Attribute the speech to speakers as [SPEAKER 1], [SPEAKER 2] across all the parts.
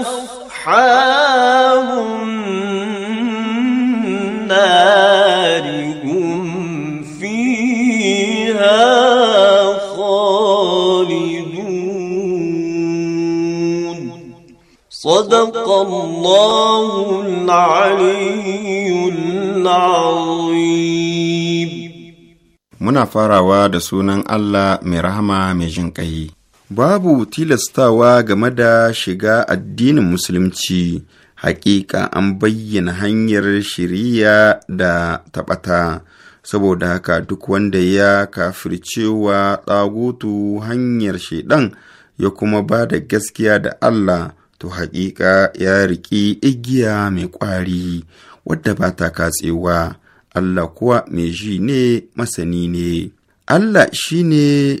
[SPEAKER 1] أصحاب النار هم فيها خالدون صدق الله العلي العظيم
[SPEAKER 2] muna farawa da sunan Allah mai rahma mai jinƙayi. babu tilastawa game da shiga addinin musulunci hakika an bayyana hanyar shiriya da taɓata saboda haka duk wanda ya cewa tsagutu hanyar shaidan ya kuma ba da gaskiya da Allah to hakika ya riƙi igiya mai ƙwari wadda ba ta katsewa Allah kuwa mai ji ne masani ne Allah shi ne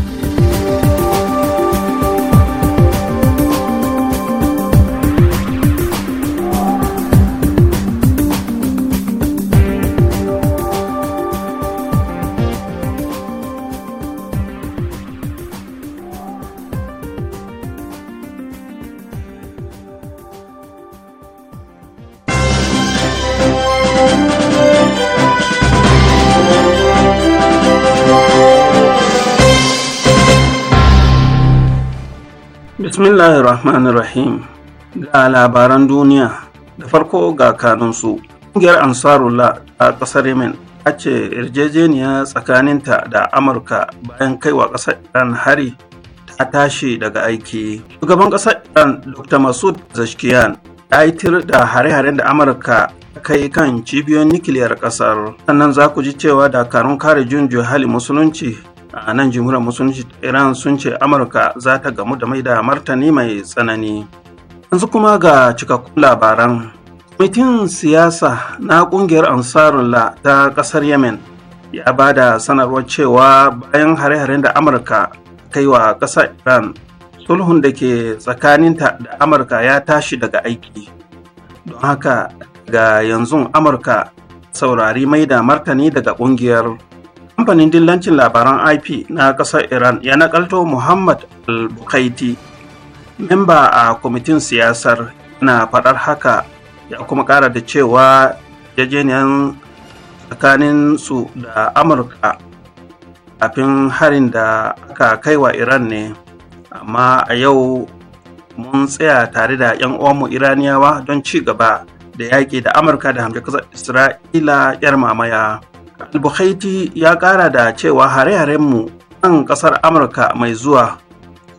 [SPEAKER 3] Bismillahirrahmanirrahim ga labaran duniya da farko ga kanunsu. Ƙungiyar ansarula a ƙasar Yemen a ce yarjejeniya tsakaninta da Amurka bayan kaiwa ƙasar Iran hari ta tashi daga aiki. Shugaban ƙasar Iran Dr. Masud Zashkiyan ya yi da hare-haren da Amurka kai kan cibiyoyin nukiliyar ƙasar. Sannan za ku ji cewa dakarun kare jin hali musulunci a nan jimuran musulunci iran sun ce amurka za ta gamu da mai da martani mai tsanani yanzu kuma ga cikakkun labaran kwamitin siyasa na kungiyar ansarullah ta kasar yemen ya ba da sanarwar cewa bayan hare-haren da amurka kai wa kasar iran sulhun da ke tsakaninta da amurka ya tashi daga aiki don haka ga yanzu amurka saurari mai da martani daga kungiyar kamfanin dillancin labaran ip na kasar iran ya nakalto muhammad al-bukaiti memba a kwamitin siyasar na faɗar haka ya kuma ƙara da cewa yajeniyar tsakanin su da amurka kafin harin da aka kaiwa iran ne amma a yau mun tsaya tare da 'yan uwanmu iraniyawa don ci gaba da yaƙi da amurka da hamshe kasar isra'ila 'yar mamaya Al-Bukhaiti ya ƙara da cewa hare-harenmu kan ƙasar Amurka mai zuwa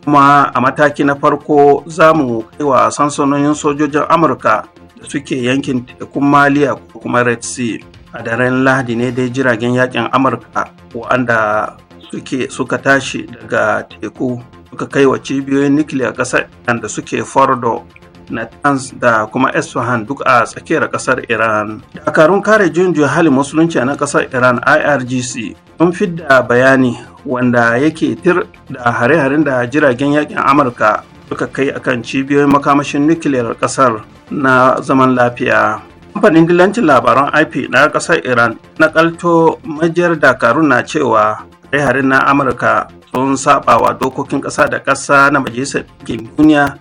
[SPEAKER 3] kuma a mataki na farko za mu wa sansanonin sojojin Amurka da suke yankin tekun Maliya ko kuma Red Sea. A daren Lahadi ne dai jiragen yakin Amurka wanda suke suka tashi daga teku suka wa cibiyoyin nukiliya ƙasar da suke Fordo Natanz da kuma Esfahan duk a tsakiyar kasar Iran. Dakarun kare juya halin musulunci na kasar Iran IRGC sun fidda bayani wanda yake tir da hare-haren da jiragen yakin Amurka suka kai akan cibiyoyin makamashin nukiliyar kasar na zaman lafiya. Kamfanin dilancin labaran IP na kasar Iran na kalto majiyar dakarun na cewa hare-haren na Amurka sun saba wa dokokin ƙasa da ƙasa na Majalisar Ɗinkin Duniya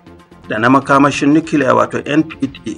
[SPEAKER 3] da na makamashin nukiliya wato NPT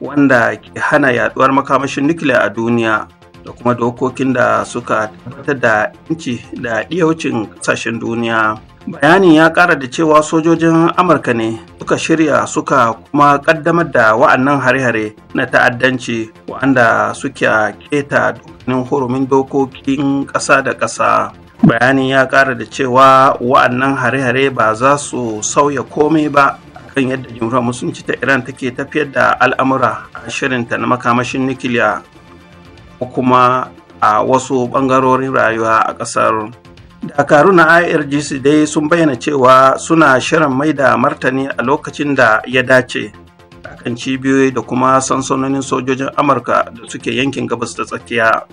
[SPEAKER 3] wanda ke hana yaduwar makamashin nukiliya a duniya da kuma dokokin da suka tabbatar da inci da ɗiyaucin ƙasashen duniya. Bayanin ya ƙara da cewa sojojin Amurka ne suka shirya suka kuma ƙaddamar da wa'annan hare-hare na ta'addanci wanda suke keta dokokin hurumin dokokin ƙasa da ƙasa. Bayanin ya ƙara da cewa wa'annan hare-hare ba za su sauya komai ba kan yadda jimura musulunci ta iran take tafiyar da al'amura a shirinta na makamashin nukiliya ko kuma a wasu bangarorin rayuwa a ƙasar dakaru na irgc dai sun bayyana cewa suna shirin mai da martani a lokacin da ya dace akan cibiyoyi da kuma sansanonin sojojin amurka da suke yankin gabas da tsakiya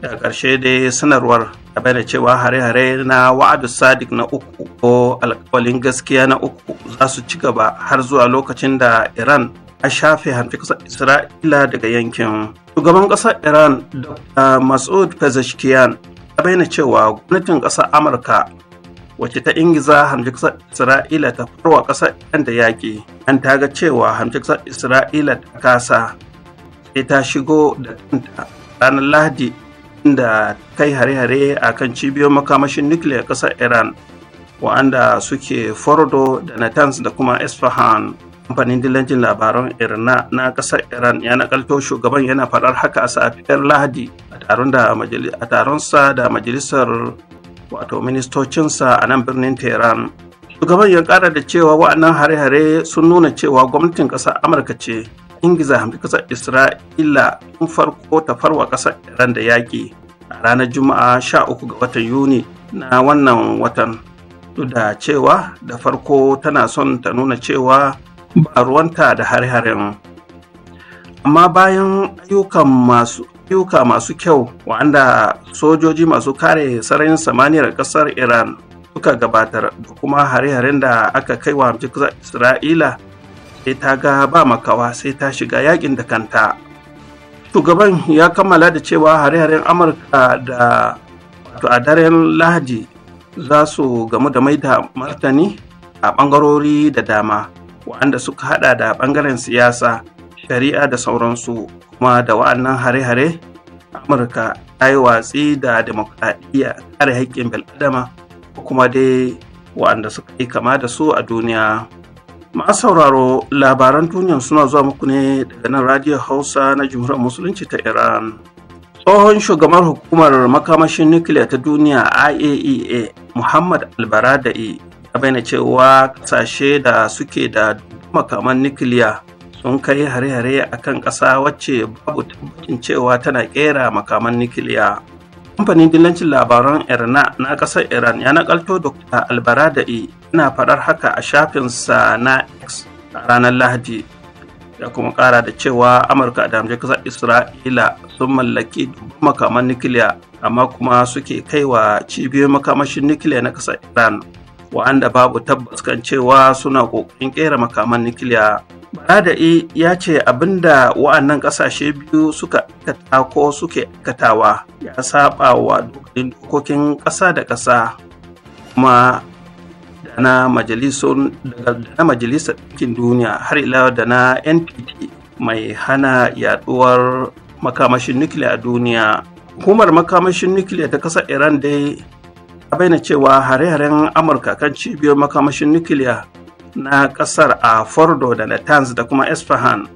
[SPEAKER 3] da ƙarshe dai sanarwar ta da cewa hare-hare na wa'adu sadik na uku ko alkawalin gaskiya na uku za su ci gaba har zuwa lokacin da iran a shafe hanfi kusa isra'ila daga yankin shugaban ƙasar iran da masud pezeshkian ta bayyana cewa gwamnatin ƙasar amurka wacce ta ingiza hanfi kusa isra'ila ta farwa ƙasar iran da yaƙi an ta ga cewa hanfi kusa isra'ila ta kasa sai ta shigo da kanta ranar lahadi da kai hare-hare a kan cibiyar makamashin nukiliyar ƙasar iran wa'anda suke fordo da natanz da kuma isfahan kamfanin dillancin labaran irna na ƙasar iran ya nakalto shugaban yana faɗar haka a safiyar lahadi a taronsa da majalisar wato ministocinsa a nan birnin tehran shugaban ya ƙara da cewa wa'annan hare-hare sun nuna cewa gwamnatin ƙasar amurka ce ingiza hamfi kasar isra'ila tun farko ta farwa kasar iran da yaƙi a ranar juma'a 13 ga watan yuni na wannan watan duk da cewa da farko tana son ta nuna cewa ba ruwanta da har-haren amma bayan ayyukan masu ayyuka masu kyau wanda sojoji masu kare sarayin samaniyar kasar iran suka gabatar da kuma hare-haren da aka kai wa isra'ila sai ta ga ba makawa sai ta shiga yakin da kanta shugaban ya kammala da cewa hare-haren amurka da wato a daren lahadi za su gamu da maida martani a ɓangarori da dama waɗanda suka haɗa da ɓangaren siyasa shari'a da sauransu kuma da wa'annan hare-hare amurka ta yi watsi da demokradiyya kare haƙƙin bil'adama kuma dai waɗanda suka yi kama da su a duniya Masu sauraro labaran duniya suna zuwa muku ne daga nan Radio Hausa na Jamhuriyar Musulunci ta Iran. Tsohon shugaban hukumar makamashin nukiliya ta duniya IAEA e Muhammad Albaradai ya bayyana cewa kasashe da suke da makaman nukiliya sun kai hare-hare a kan ƙasa wacce babu tabbacin cewa tana ƙera makaman nukiliya. Kamfanin dillancin labaran Irna na ƙasar Iran ya nakalto Dr. Albaradai yana faɗar haka a shafinsa na x a ranar lahadi ya kuma ƙara da cewa amurka da hamshe ƙasar isra'ila sun mallaki makaman nukiliya amma kuma suke kaiwa cibiyoyin makamashin nukiliya na ƙasar iran wa'anda babu tabbas kan cewa suna ƙoƙarin ƙera makaman nukiliya Barada'i ya ce abinda wa'annan ƙasashe biyu suka aikata ko suke aikatawa ya saba wa dokokin ƙasa da ƙasa kuma na majalisar ɗinkin duniya har ila da na npt mai hana yaduwar makamashin nukiliya a duniya hukumar makamashin nukiliya ta ƙasar iran dai A bayyana cewa hare-haren amurka kan cibiyar makamashin nukiliya na ƙasar a fordo da natanz da kuma isfahan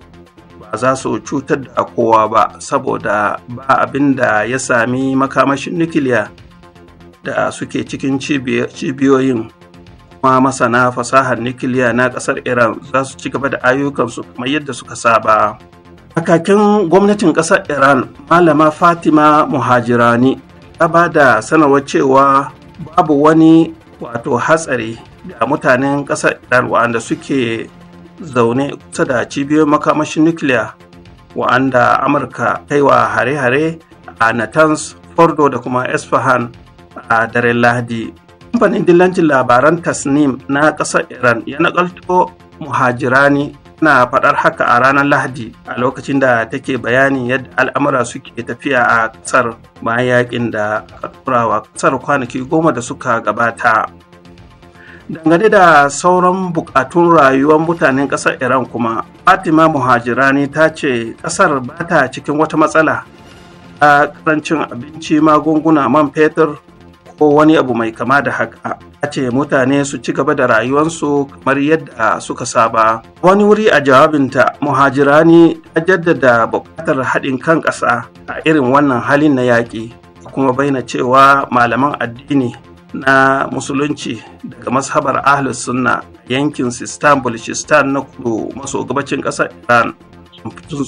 [SPEAKER 3] ba za su cutar da kowa ba saboda ba abin da ya sami makamashin nukiliya da suke cikin cibiyoyin kuma masana fasahar nukiliya na kasar iran za su ci gaba da ayyukansu kamar yadda suka saba kakakin gwamnatin kasar iran malama fatima muhajirani ta ba da sanarwar cewa babu wani wato hatsari da mutanen kasar iran wa'anda suke zaune kusa da cibiyoyin makamashin nukiliya wa'anda amurka kaiwa hare-hare a natanz fordo da kuma isfahan a daren lahadi Kamfanin dillancin labaran Tasnim na ƙasar Iran ya nakalto muhajirani na faɗar haka a ranar Lahadi a lokacin da take bayanin yadda al'amura suke tafiya a ƙasar bayan yakin da turawa ƙasar kwanaki goma da suka gabata. Dangane da sauran buƙatun rayuwar mutanen ƙasar Iran kuma, Fatima Muhajirani ta ce ƙasar ba ta cikin wata matsala a ƙarancin abinci magunguna man fetur ko wani abu mai kama da haka a ce mutane su ci gaba da rayuwarsu kamar yadda suka saba wani wuri a jawabinta muhajirani ta jaddada buƙatar haɗin kan ƙasa a irin wannan halin na yaƙi kuma bayyana cewa malaman addini na musulunci daga mashabar ahlus sunna yankin sistan balochistan na kudu maso gabacin ƙasar iran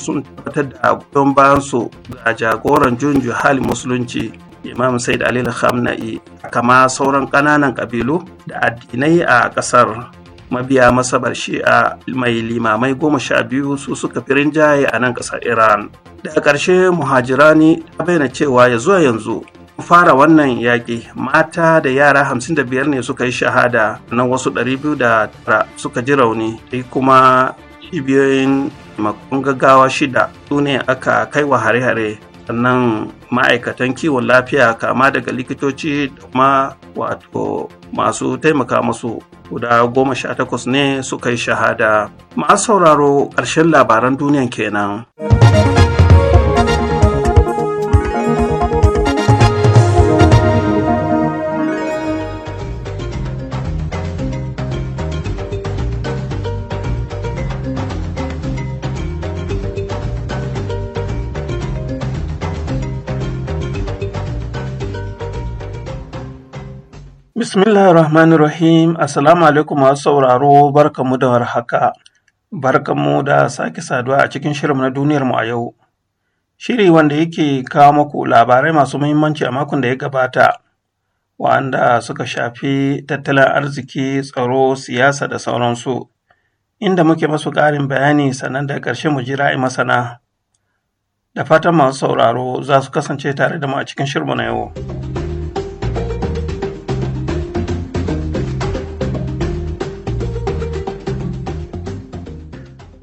[SPEAKER 3] sun tabbatar da goyon bayansu ga jagoran junju halin musulunci imam said alil khamna'i kama sauran ƙananan kabilu da addinai a ƙasar mabiya masabar shi'a mai limamai goma sha biyu su suka fi rinjaye a nan ƙasar iran daga ƙarshe muhajirani ta bayyana cewa ya zuwa yanzu fara wannan yaƙi mata da yara biyar ne suka yi shahada nan wasu da tara suka ji rauni Sai kuma cibiyoyin makon gaggawa shida su ne aka kai wa hare-hare sannan ma'aikatan kiwon lafiya kama daga likitoci da kuma wato masu taimaka musu guda goma sha takwas ne suka yi shahada masu sauraro ƙarshen labaran duniyan kenan. Bismillah rahman rahim Assalamu alaikum masu sauraro barkamu da warhaka. Barkamu da sake saduwa a cikin shirin na mu a yau. Shiri wanda yake kawo muku labarai masu muhimmanci a makon da ya gabata, wa'anda suka shafi tattalin arziki, tsaro, siyasa da sauransu, inda muke masu ƙarin bayani sannan da karshe mu jira masana. Da fatan masu sauraro za su kasance tare da mu a cikin shirinmu na yau.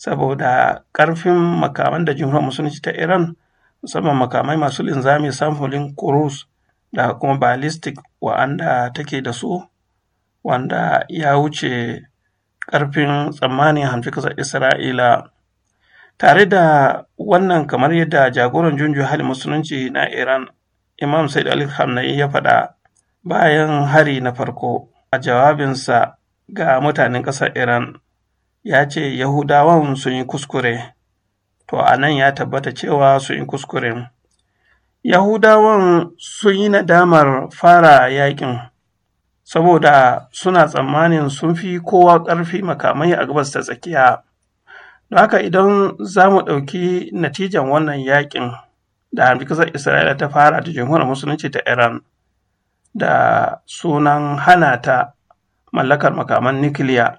[SPEAKER 3] saboda ƙarfin makaman da jumhuriyar musulunci ta iran musamman makamai masu linzami samfulin kurus da kuma ballistic wa'anda take da su wanda ya wuce karfin tsammanin hamfi ƙasar isra'ila tare da wannan kamar yadda jagoran junju hali musulunci na iran imam said ali ya faɗa bayan hari na farko a jawabinsa ga mutanen ƙasar iran ya ce Yahudawan sun yi kuskure, to a nan ya tabbata cewa sun yi kuskure. Yahudawan sun yi nadamar fara yaƙin, saboda suna tsammanin sun fi kowa ƙarfi makamai a gabas ta tsakiya. Da haka idan za mu ɗauki natijan wannan yaƙin da hamdukasar Isra'ila ta fara da jamhuriyar musulunci ta Iran da sunan hana ta mallakar makaman nukiliya.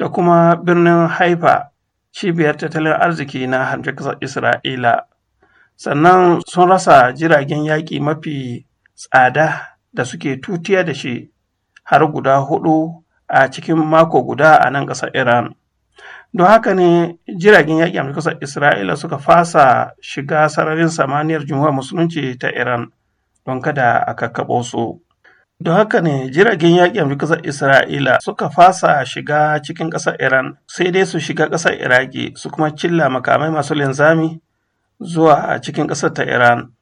[SPEAKER 3] da kuma birnin Haifa cibiyar tattalin arziki na hamshe ƙasar Isra'ila. Sannan sun rasa jiragen yaƙi mafi tsada da suke tutiya da shi har guda hudu a cikin mako guda a nan ƙasar Iran. Don haka ne jiragen yaƙi hamshe ƙasar Isra'ila suka fasa shiga sararin samaniyar jumhuriyar musulunci ta Iran don kada a kakkaɓo su. Don haka ne jiragen yaƙin Amurka Isra'ila suka fasa shiga cikin ƙasar Iran sai dai su shiga ƙasar Iraki su kuma cilla makamai masu linzami zuwa cikin ƙasar ta Iran.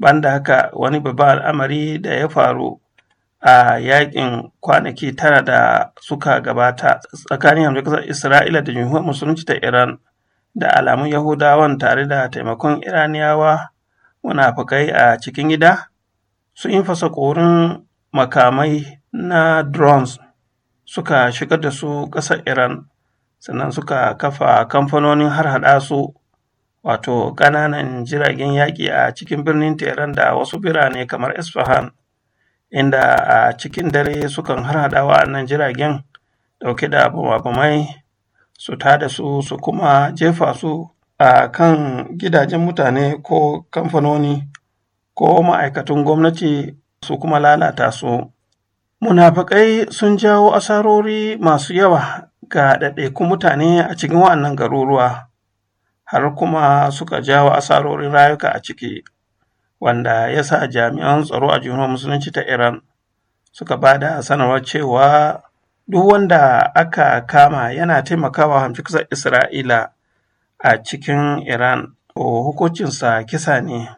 [SPEAKER 3] Banda haka wani babban al'amari da ya faru a yaƙin kwanaki tara da suka gabata tsakanin Amurka Isra'ila da Jamhuriyar Musulunci ta Iran da alamun Yahudawan tare da taimakon Iraniyawa munafukai a cikin gida sun yi fasa ƙorin makamai na drones suka shigar da su ƙasar Iran sannan suka kafa kamfanonin harhaɗa su wato ƙananan jiragen yaƙi a cikin birnin Tehran da wasu birane kamar Isfahan inda a cikin dare sukan harhaɗa wa'annan jiragen ɗauke da bamabamai su tada su su kuma jefa su a kan gidajen mutane ko kamfanoni ko ma'aikatan gwamnati su kuma lalata su. Munafakai sun jawo asarori masu yawa ga ɗaiɗaikun mutane a cikin wa'annan garuruwa, har kuma suka jawo asarorin rayuka a ciki, wanda ya sa jami'an tsaro a juna musulunci ta Iran suka ba da sanarwar cewa duk wanda aka kama yana taimakawa hamfikisar Isra'ila a cikin Iran, hukuncinsa kisa ne.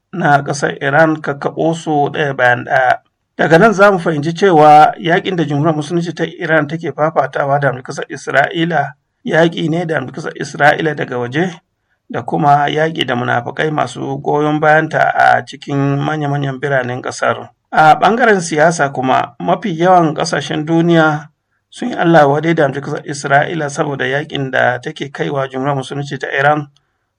[SPEAKER 3] na ƙasar Iran kaɓo su ɗaya bayan ɗaya. Daga nan za mu fahimci cewa yaƙin da jumhuriyar musulunci ta Iran take fafatawa da mulkasar Isra'ila yaƙi ne da mulkasar Isra'ila daga waje da kuma yaƙi da munafukai masu goyon bayanta a cikin manya-manyan biranen ƙasar. A ɓangaren siyasa kuma mafi yawan ƙasashen duniya sun yi Allah wade da mulkasar Isra'ila saboda yaƙin da take kaiwa jumhuriyar musulunci ta Iran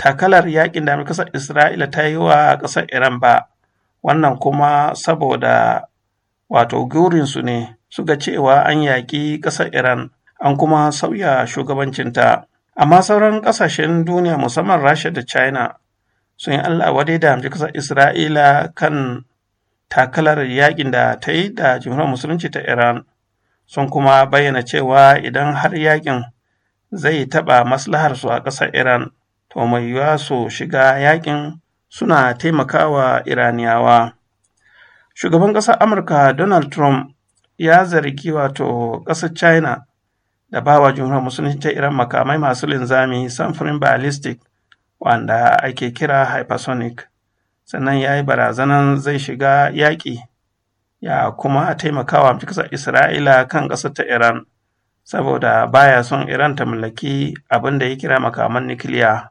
[SPEAKER 3] takalar yakin da kasar isra'ila ta yi wa kasar iran ba wannan kuma saboda wato gurinsu ne suka cewa an yaƙi kasar iran an kuma sauya shugabancinta amma sauran ƙasashen duniya musamman rasha da china sun yi allah wadai da hamji kasar isra'ila kan takalar yakin da ta yi da jimhuriyar musulunci ta iran sun kuma bayyana cewa idan har yakin zai taɓa maslaharsu a ƙasar iran to mai yiwuwa su shiga yakin suna taimakawa iraniyawa shugaban ƙasar amurka donald trump ya zargi wato ƙasar china da bawa jumhuriyar musulunci ta iran makamai masu linzami samfurin ballistic wanda ake kira hypersonic sannan ya yi barazanan zai shiga yaƙi ya kuma taimakawa ƙasar isra'ila kan ƙasar ta iran saboda baya son iran ta mallaki abin da ya kira makaman nukiliya.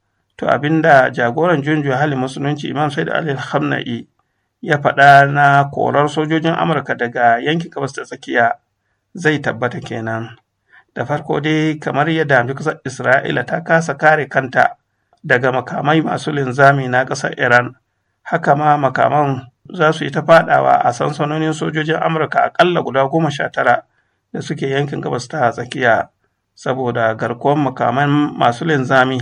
[SPEAKER 3] to abin da jagoran junju halin musulunci imam said ali hamna'i ya faɗa na korar sojojin amurka daga yankin gabas da tsakiya zai tabbata kenan da farko dai kamar yadda ƙasar isra'ila ta kasa kare kanta daga makamai masu linzami na ƙasar iran haka ma makaman za su yi ta faɗawa a sansanonin sojojin amurka aƙalla guda goma sha tara da suke yankin gabas ta tsakiya saboda garkuwar makaman masu linzami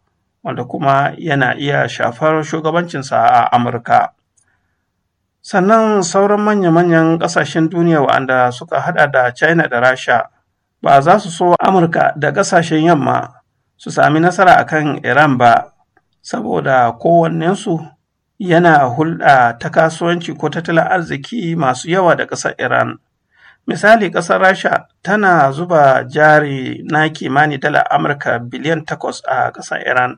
[SPEAKER 3] wanda kuma yana iya shafar shugabancinsa a Amurka. Sannan sauran manya-manyan ƙasashen duniya wa'anda suka haɗa da China da Rasha ba za su so Amurka da ƙasashen yamma su sami nasara a kan Iran ba, saboda kowannensu yana hulɗa ta kasuwanci ko tattalin arziki masu yawa da ƙasar Iran. Misali ƙasar Rasha tana zuba jari na kimanin dala Amurka biliyan takwas a ƙasar Iran.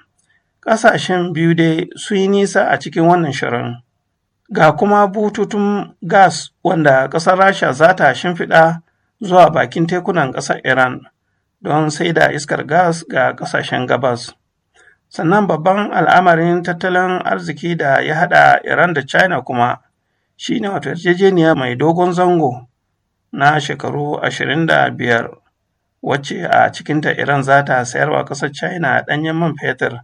[SPEAKER 3] Ƙasashen biyu dai sun yi nisa a cikin wannan shirin, ga kuma bututun gas wanda ƙasar Rasha za ta shimfiɗa zuwa bakin tekunan ƙasar Iran don sai da iskar gas ga ƙasashen gabas. Sannan babban al'amarin tattalin arziki da ya haɗa Iran da China kuma shi ne wato yarjejeniya mai dogon zango na shekaru ashirin da biyar wacce a cikinta Iran za ta sayarwa ƙasar China ɗanyen man fetur.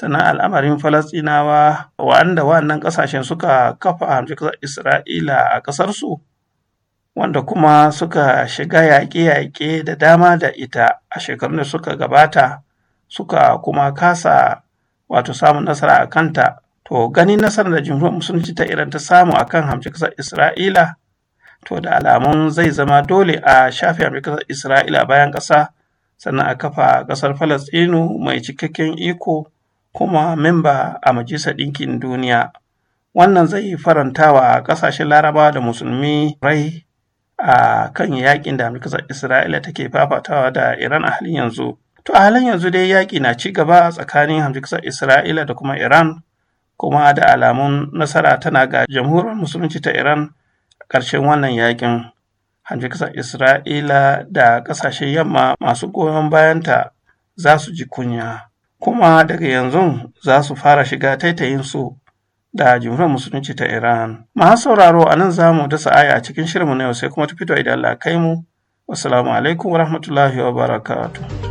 [SPEAKER 3] sannan al'amarin falastinawa wa'anda wannan ƙasashen suka kafa ƙasar isra'ila a ƙasarsu wanda kuma suka shiga yaƙe-yaƙe da dama da ita a shekarun da suka gabata suka kuma kasa wato samun nasara a kanta to ganin nasarar da jumhuriyar musulunci ta iran ta samu a kan hamci ƙasar isra'ila to da alamun zai zama dole a shafe hamci ƙasar isra'ila bayan ƙasa sannan a kafa ƙasar falastinu mai cikakken iko kuma memba a Majalisar Ɗinkin Duniya. Wannan zai faranta wa ƙasashen Laraba da Musulmi rai a kan yaƙin da Amurkar Isra'ila take fafatawa da Iran a halin yanzu. To a halin yanzu dai yaƙi na ci gaba tsakanin Amurkar Isra'ila da kuma Iran kuma da alamun nasara tana ga jamhuriyar musulunci ta Iran ƙarshen wannan yaƙin. Amurkar Isra'ila da ƙasashen yamma masu goyon bayanta za su ji kunya. kuma daga yanzu za su fara shiga taitayinsu da jumhuriyar musulunci ta Iran. Masu sauraro a nan za mu dasa aya a cikin shirinmu na yau sai kuma ta fito idan Allah kai mu. Wassalamu alaikum wa rahmatullahi wa barakatuh.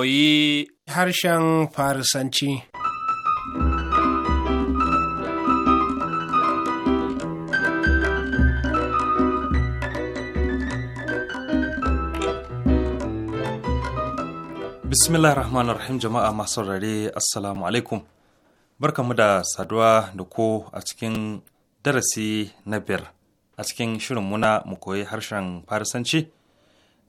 [SPEAKER 4] koyi
[SPEAKER 5] harshen Farisanci.
[SPEAKER 6] Bismillah rahman rahim jama'a masu saurare Assalamu alaikum. Barkamu da saduwa da ko a cikin darasi na biyar a cikin shirin muna mu koyi harshen Farisanci.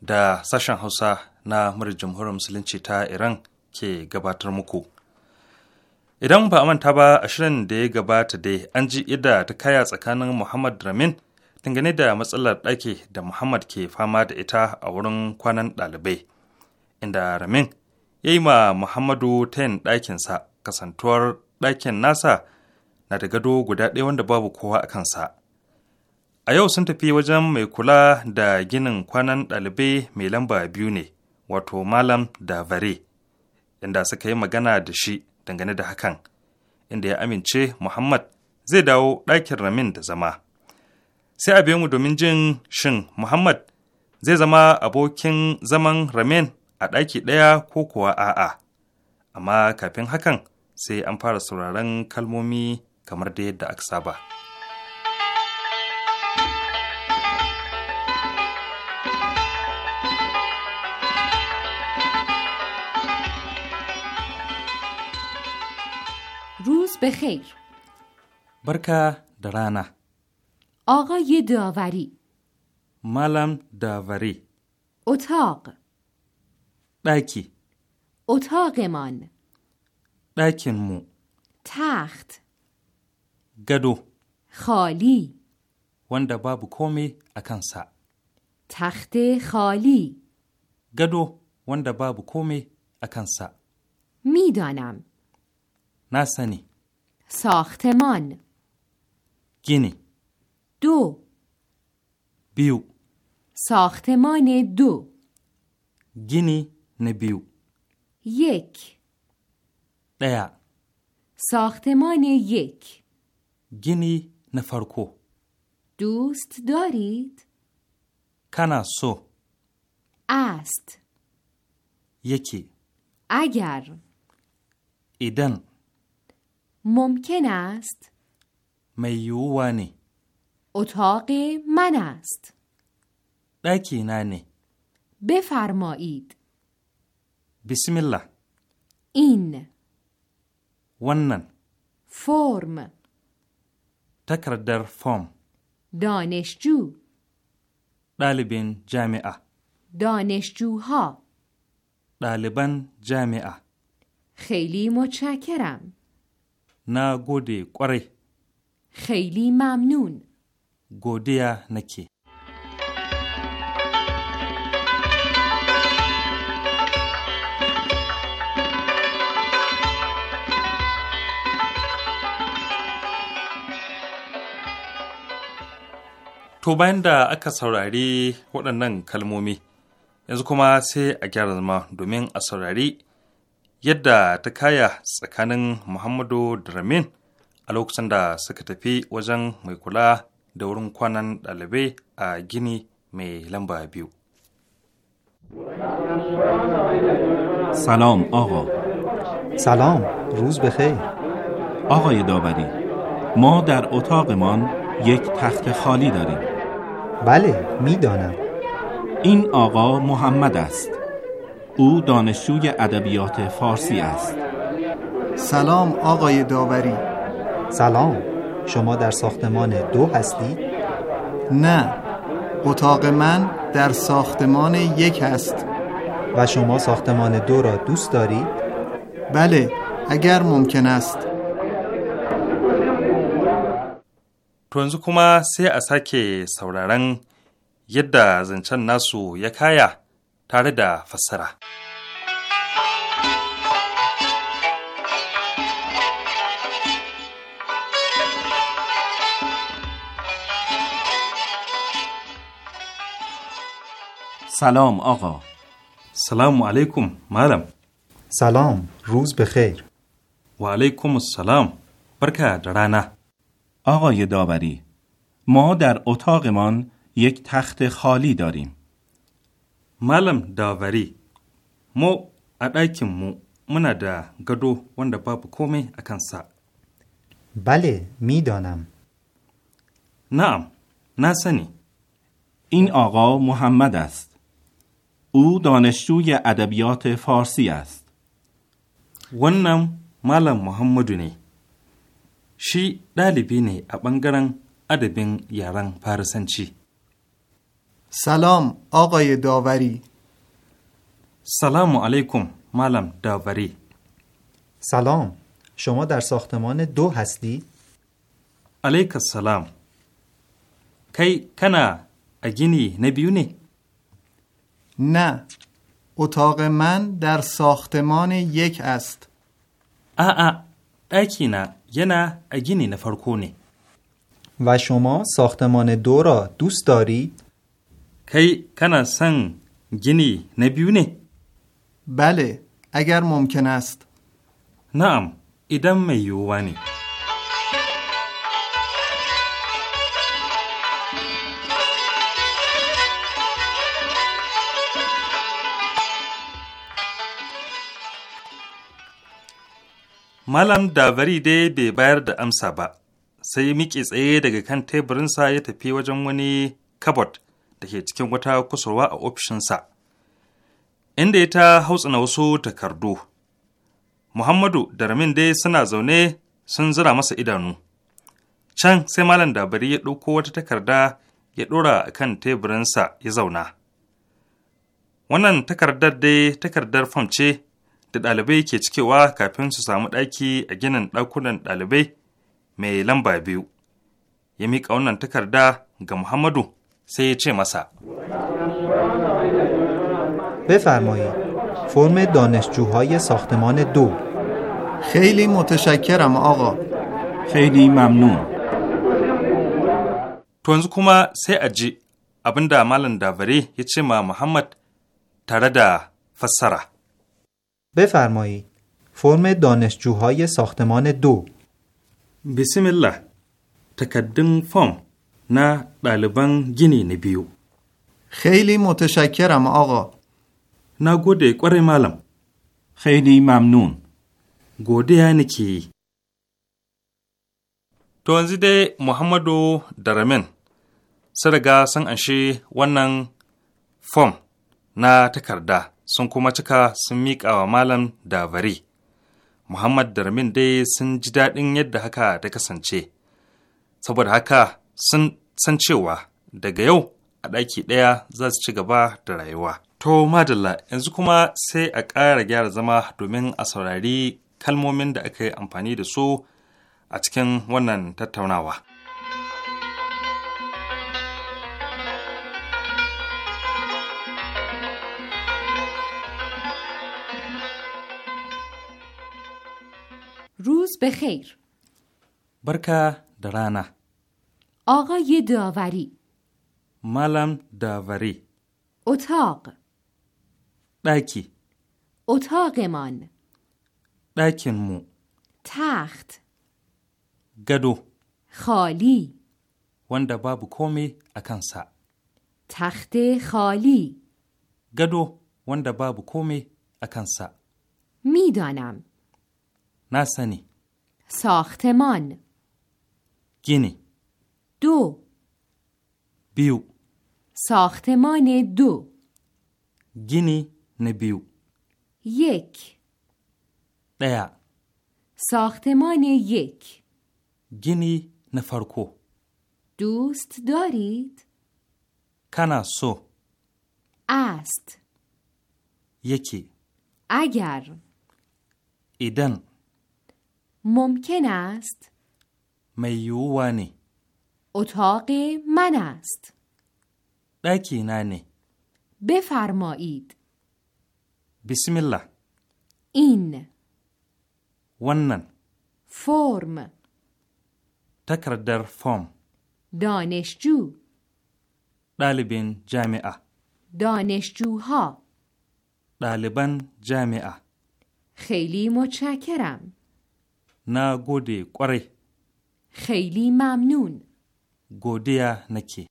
[SPEAKER 6] da sashen Hausa na murar jamhuriyar Musulunci ta Iran ke gabatar muku. Idan ba a manta ba ashirin da ya gabata dai an ji ida ta kaya tsakanin Muhammad Ramin dangane da matsalar ɗaki da Muhammad ke fama da ita a wurin kwanan ɗalibai, inda Ramin ya yi ma Muhammadu tayin ɗakinsa kasantuwar ɗakin nasa na da gado guda ɗaya wanda babu kowa a kansa. A yau sun tafi wajen mai kula da ginin kwanan ɗalibai mai lamba biyu ne, wato Malam da Bare, inda suka yi magana da shi dangane da hakan, inda ya amince Muhammad zai dawo ɗakin Ramin da zama. Sai a mu domin jin shin Muhammad zai zama abokin zaman Ramin a ɗaki ɗaya ko kuwa a'a. Amma kafin hakan sai an fara sauraron kalmomi kamar da yadda aka saba. به برکه درانه درانا
[SPEAKER 7] آقا داوری
[SPEAKER 6] مالم داوری
[SPEAKER 7] اتاق باکی اتاق من مو تخت گدو خالی
[SPEAKER 6] وند بابو کومی اکنسا
[SPEAKER 7] تخت خالی
[SPEAKER 6] گدو وند بابو کومی اکنسا
[SPEAKER 7] میدانم ناسانی ساختمان گینی دو بیو ساختمان دو
[SPEAKER 6] گینی نبیو یک دیا
[SPEAKER 7] ساختمان یک
[SPEAKER 6] گینی نفرکو
[SPEAKER 7] دوست دارید؟
[SPEAKER 6] کناسو سو
[SPEAKER 7] است یکی اگر ایدن ممکن است
[SPEAKER 6] میوانی
[SPEAKER 7] اتاق من است
[SPEAKER 6] دکی
[SPEAKER 7] بفرمایید بسم الله این ونن فرم
[SPEAKER 6] در فرم
[SPEAKER 7] دانشجو
[SPEAKER 6] دالبین جامعه
[SPEAKER 7] دانشجوها
[SPEAKER 6] دالبان جامعه
[SPEAKER 7] خیلی متشکرم
[SPEAKER 6] na gode kwarai.
[SPEAKER 7] Khaili mamnun.
[SPEAKER 6] godiya nake. To bayan da aka saurari waɗannan kalmomi, yanzu kuma sai a gyara zama domin a saurari یده تکایه سکنن محمدو درمین a lokacin da suka دورون wajen دورون kula da wurin kwanan
[SPEAKER 8] سلام آقا سلام روز بخیر آقای داوری ما در اتاقمان یک تخت خالی داریم بله دانم این آقا محمد است او دانشجوی ادبیات فارسی است.
[SPEAKER 9] سلام آقای داوری. سلام. شما در ساختمان دو هستید؟ نه. اتاق من در ساختمان یک هست. و شما ساختمان دو را دوست دارید؟ بله، اگر ممکن است.
[SPEAKER 6] To سه kuma sai a sake sauraron yadda zancen nasu tare da
[SPEAKER 9] سلام آقا
[SPEAKER 6] سلام علیکم مالم
[SPEAKER 9] سلام روز بخیر
[SPEAKER 6] و علیکم السلام برکه درانه آقای داوری ما در اتاقمان یک تخت خالی داریم malam davare mu a ɗakinmu muna da gado wanda babu komai a kansa.
[SPEAKER 9] Bale, mi میدانم.
[SPEAKER 6] na'am na sani in آقا محمد است. او دانشجوی ادبیات فارسی است. wannan Malam Muhammadu ne, shi ɗalibi ne a ɓangaren adabin yaren Farisanci. سلام آقای داوری سلام علیکم معلم داوری سلام
[SPEAKER 9] شما در ساختمان دو هستی؟
[SPEAKER 6] علیک السلام
[SPEAKER 9] کی کنا اگینی نبیونی؟ نه اتاق من در ساختمان یک است آ
[SPEAKER 6] آ اکی
[SPEAKER 9] نه یه نه
[SPEAKER 6] اگینی نفرکونی
[SPEAKER 9] و شما ساختمان دو را دوست دارید؟ Kai کی کنا سن گینی نه بیونه بله اگر Na'am,
[SPEAKER 6] idan mai ایدم ne. Malam Davari dai bai bayar da amsa ba, sai miƙe tsaye daga kan teburinsa ya tafi wajen wani kabot da ke cikin wata kusurwa a ofishinsa, inda ya ta hautsina wasu takardu. Muhammadu da Ramin dai suna zaune sun zira masa idanu. Can sai Malam Dabari ya ɗauko wata takarda ya ɗora a kan teburinsa ya zauna. Wannan takardar dai takardar fam ce da ɗalibai ke cikewa kafin su samu ɗaki a ginin ɗakunan ɗalibai mai lamba biyu. Ya miƙa wannan takarda ga Muhammadu سه چه مصب
[SPEAKER 9] بفرمایید فرم دانشجوهای ساختمان دو خیلی متشکرم آقا خیلی ممنون
[SPEAKER 6] تونز کما سه اجی ابن دا مالن دا وری ما محمد تردا فسره
[SPEAKER 9] بفرمایید فرم دانشجوهای ساختمان دو بسم الله تقدم فرم
[SPEAKER 6] na ɗaliban gini na biyu. خیلی متشکرم آقا. na gode kware malam. خیلی ممنون. godiya nake yi. To yanzu dai Muhammadu da Ramin sun riga sun anshi wannan fom na takarda sun kuma cika sun miƙa wa malam da bari. Muhammad da Ramin dai sun ji daɗin yadda haka ta kasance. Saboda haka sun san cewa daga yau a ɗaki ɗaya za su ci gaba da rayuwa. To madalla yanzu kuma sai a ƙara gyara zama domin a saurari kalmomin da aka yi amfani da su a cikin wannan tattaunawa. Bekhair Barka da rana.
[SPEAKER 7] آقای داوری
[SPEAKER 6] ملم داوری
[SPEAKER 7] اتاق داکی اتاق من مو تخت گدو خالی
[SPEAKER 6] وند باب کومی اکنسا
[SPEAKER 7] تخت خالی
[SPEAKER 6] گدو وند باب کومی اکنسا
[SPEAKER 7] می دانم ساختمان گینی دو بیو ساختمان دو
[SPEAKER 6] گینی نبیو یک دیا
[SPEAKER 7] ساختمان یک
[SPEAKER 6] گینی نفرکو
[SPEAKER 7] دوست دارید؟
[SPEAKER 6] کنا سو
[SPEAKER 7] است یکی اگر ایدن ممکن است
[SPEAKER 6] میوانی
[SPEAKER 7] اتاق من است
[SPEAKER 6] بکی ننی
[SPEAKER 7] بفرمایید
[SPEAKER 6] بسم الله این ونن
[SPEAKER 7] فرم
[SPEAKER 6] در فرم
[SPEAKER 7] دانشجو
[SPEAKER 6] دالبین جامعه
[SPEAKER 7] دانشجوها
[SPEAKER 6] دالبان جامعه
[SPEAKER 7] خیلی متشکرم
[SPEAKER 6] گودی قره
[SPEAKER 7] خیلی ممنون
[SPEAKER 6] godiya nake.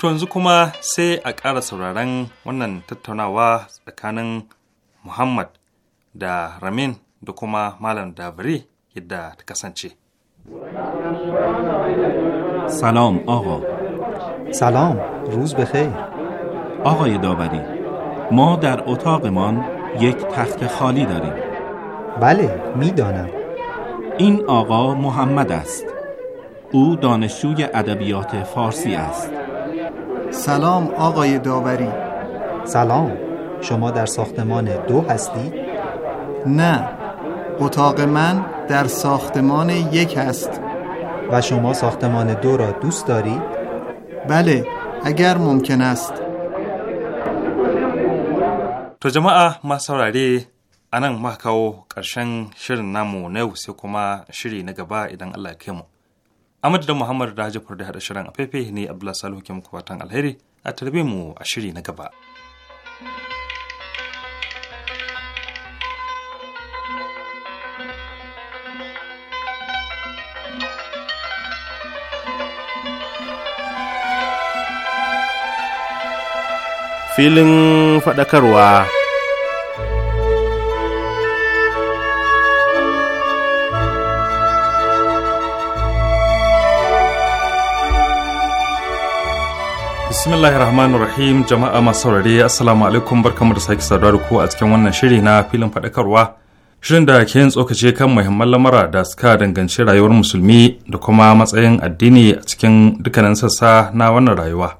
[SPEAKER 6] To yanzu kuma sai a ƙara sauraron wannan tattaunawa tsakanin Muhammad da Ramin da kuma Malam Davire yadda ta kasance.
[SPEAKER 9] Salam, آقا Salam, Ruz Bekhair. آقای داوری
[SPEAKER 8] ما در اتاقمان یک تخت خالی داریم بله میدانم این آقا محمد است او دانشجوی ادبیات فارسی است
[SPEAKER 9] سلام آقای داوری سلام شما در ساختمان دو هستید؟ نه اتاق من در ساختمان یک است و شما ساختمان دو را دوست دارید؟ بله اگر ممکن است
[SPEAKER 6] To jama'a masu saurare a nan ma kawo ƙarshen shirin namu na yau sai kuma shiri na gaba idan Allah ya mu. Amadu da Muhammad da Hajjafar da haɗa shirin a fefe ne Abdullahi Salihu ke muku fatan alheri a tarbe mu a shiri na gaba. Filin
[SPEAKER 5] domin faɗakarwa.
[SPEAKER 6] Bismillahirrahmanirrahim jama'a masu saurare assalamu alaikum barkamu da sake saduwa da ku a cikin wannan shiri na filin faɗakarwa shirin da ke yin tsokace kan muhimman lamara da suka danganci rayuwar musulmi da kuma matsayin addini a cikin dukkanin sassa na wannan rayuwa.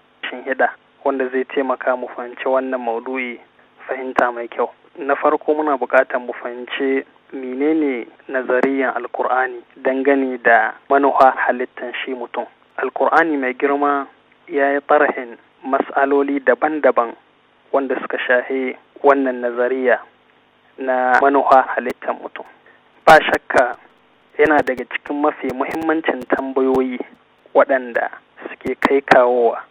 [SPEAKER 4] hida wanda zai taimaka mu fahimci wannan maudu'i fahimta mai kyau. Na farko muna buƙatar mu fahimci menene nazariyan alkur'ani dangane da manuha halittan shi mutum. Alkur'ani mai girma ya yi tarihin matsaloli daban-daban wanda suka shahe wannan nazariya na manuha halittan mutum. Ba shakka yana daga cikin mafi muhimmancin tambayoyi waɗanda suke kai kawowa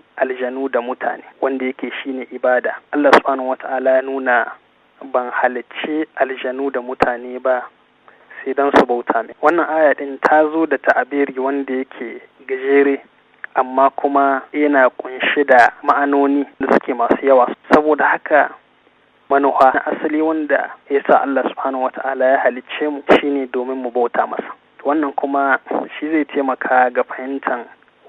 [SPEAKER 4] aljanu da mutane wanda yake shine ibada Allah subhanahu wata'ala ya nuna ban halicci aljanu da mutane ba sai don su bauta mai wannan aya din ta zo da ta'abiri wanda yake gajere amma kuma yana kunshi da ma'anoni da suke masu yawa saboda haka manuha na asali wanda ya sa Allah subhanahu wata'ala ya halicce mu shine domin mu bauta masa wannan kuma shi zai taimaka ga fahimtar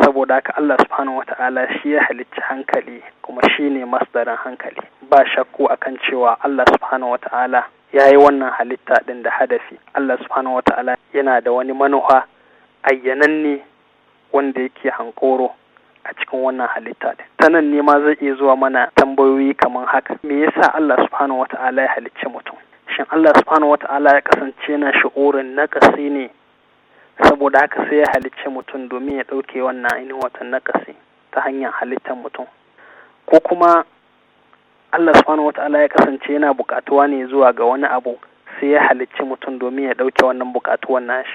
[SPEAKER 4] saboda haka Allah subhanahu ta'ala shi ya halicci hankali kuma shi ne masdarin hankali ba shakku akan cewa Allah subhanahu ta'ala ya yi wannan halitta ɗin da hadafi Allah subhanahu ta'ala yana da wani manuha ne wanda yake hankoro a cikin wannan halitta ɗin ta nan ne ma zai iya zuwa mana tambayoyi kamar haka me yasa Allah subhanahu ta'ala ya halicci mutum shin Allah subhanahu ta'ala ya kasance na shi'urin nakasi ne saboda haka sai ya halicci mutum domin ya ɗauke wannan ainihin watan nakasi ta hanyar halittar mutum ko kuma Allah subhanahu wata'ala ya kasance yana buƙatuwa ne zuwa ga wani abu sai ya halicci mutum domin ya ɗauke wannan buƙatuwan nashi.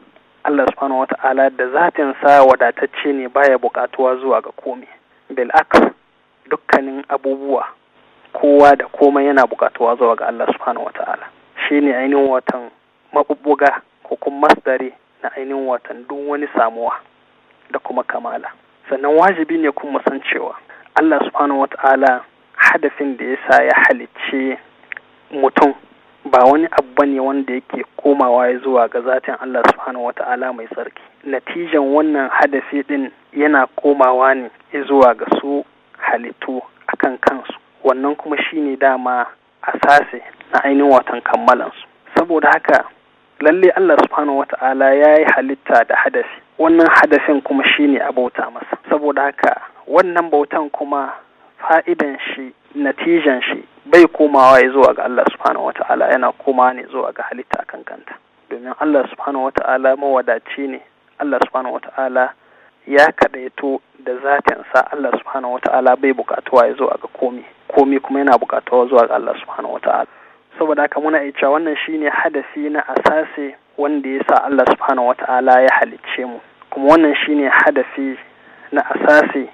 [SPEAKER 4] Allah subhanahu wa ta'ala da zatinsa wadatacce ne baya bukatuwa zuwa ga komai bil'aks dukkanin abubuwa kowa da komai yana bukatuwa zuwa ga Allah subhanahu wa ta'ala shi ne ainihin watan mabubuga ko kuma masdari na ainihin watan duk wani samuwa da kuma kamala sannan wajibi ne kuma san cewa Allah subhanahu wa ta'ala hadafin da ya sa ya halicce mutum ba wani abu bane wanda yake komawa ya zuwa ga zatin Allah subhanahu wata'ala mai tsarki natijan wannan hadasi din yana komawa ne zuwa ga su halittu akan kansu wannan kuma shine dama asase na ainihin watan kammalansu saboda haka lalle Allah subhanahu wata'ala ya yi halitta da hadasi wannan hadasin kuma shine a bauta masa saboda haka wannan bautan kuma fa'idan shi natijan shi bai komawa ya zuwa ga Allah subhanahu ta'ala yana koma ne zuwa ga halitta kan kanta domin Allah subhanahu ta'ala mawadaci ne Allah subhanahu ta'ala ya kadaito da zatinsa Allah subhanahu ta'ala bai bukatuwa ya zuwa ga komi komi kuma yana bukatuwa zuwa ga Allah subhanahu ta'ala saboda haka muna iya cewa wannan shine hadasi na asase wanda ya sa Allah subhanahu ta'ala ya halicce mu kuma wannan shine hadasi na asasi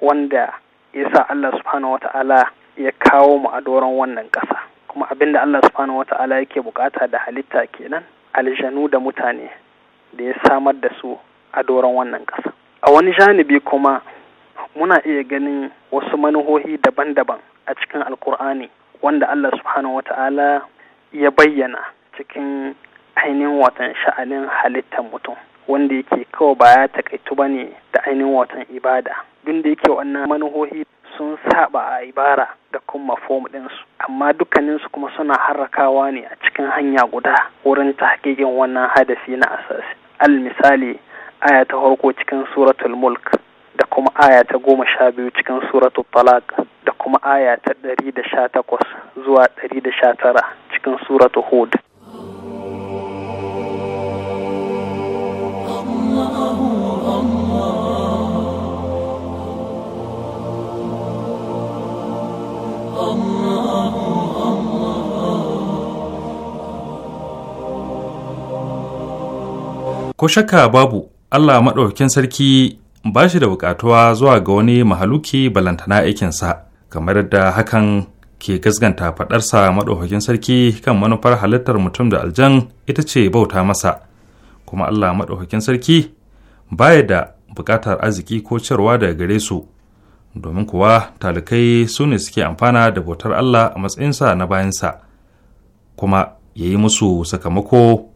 [SPEAKER 4] wanda yasa Allah subhanahu ta'ala ya kawo mu a doron wannan ƙasa kuma abin da Allah subhanahu ta'ala yake bukata da halitta kenan aljanu da mutane da ya samar da su a doron wannan ƙasa a wani janibi kuma muna iya ganin wasu manuhohi daban-daban a cikin alkur'ani wanda Allah subhanahu ta'ala ya bayyana cikin ainihin watan sha'anin halittar mutum wanda yake kawai baya takaitu ba ne da ainihin watan ibada duk da yake wannan manuhohi sun saba a ibara da kuma fom ɗinsu amma dukkaninsu kuma suna harrakawa ne a cikin hanya guda wurin ta hakikin wannan hadasi na asasi al misali aya ta farko cikin suratul mulk da kuma aya ta goma sha biyu cikin suratul talaq da kuma aya ta ɗari da sha takwas zuwa ɗari da sha tara cikin suratul hud
[SPEAKER 6] ko shakka babu Allah maɗaukakin sarki ba shi da buƙatuwa zuwa ga wani mahaluki balantana aikinsa kamar da hakan ke gasganta faɗarsa maɗaukin sarki kan manufar halittar mutum da aljan ita ce bauta masa kuma Allah maɗaukakin sarki baya da buƙatar arziki ko cirwa daga gare su domin kuwa talikai su ne suke amfana da bautar Allah a matsayinsa na bayansa kuma ya yi musu sakamako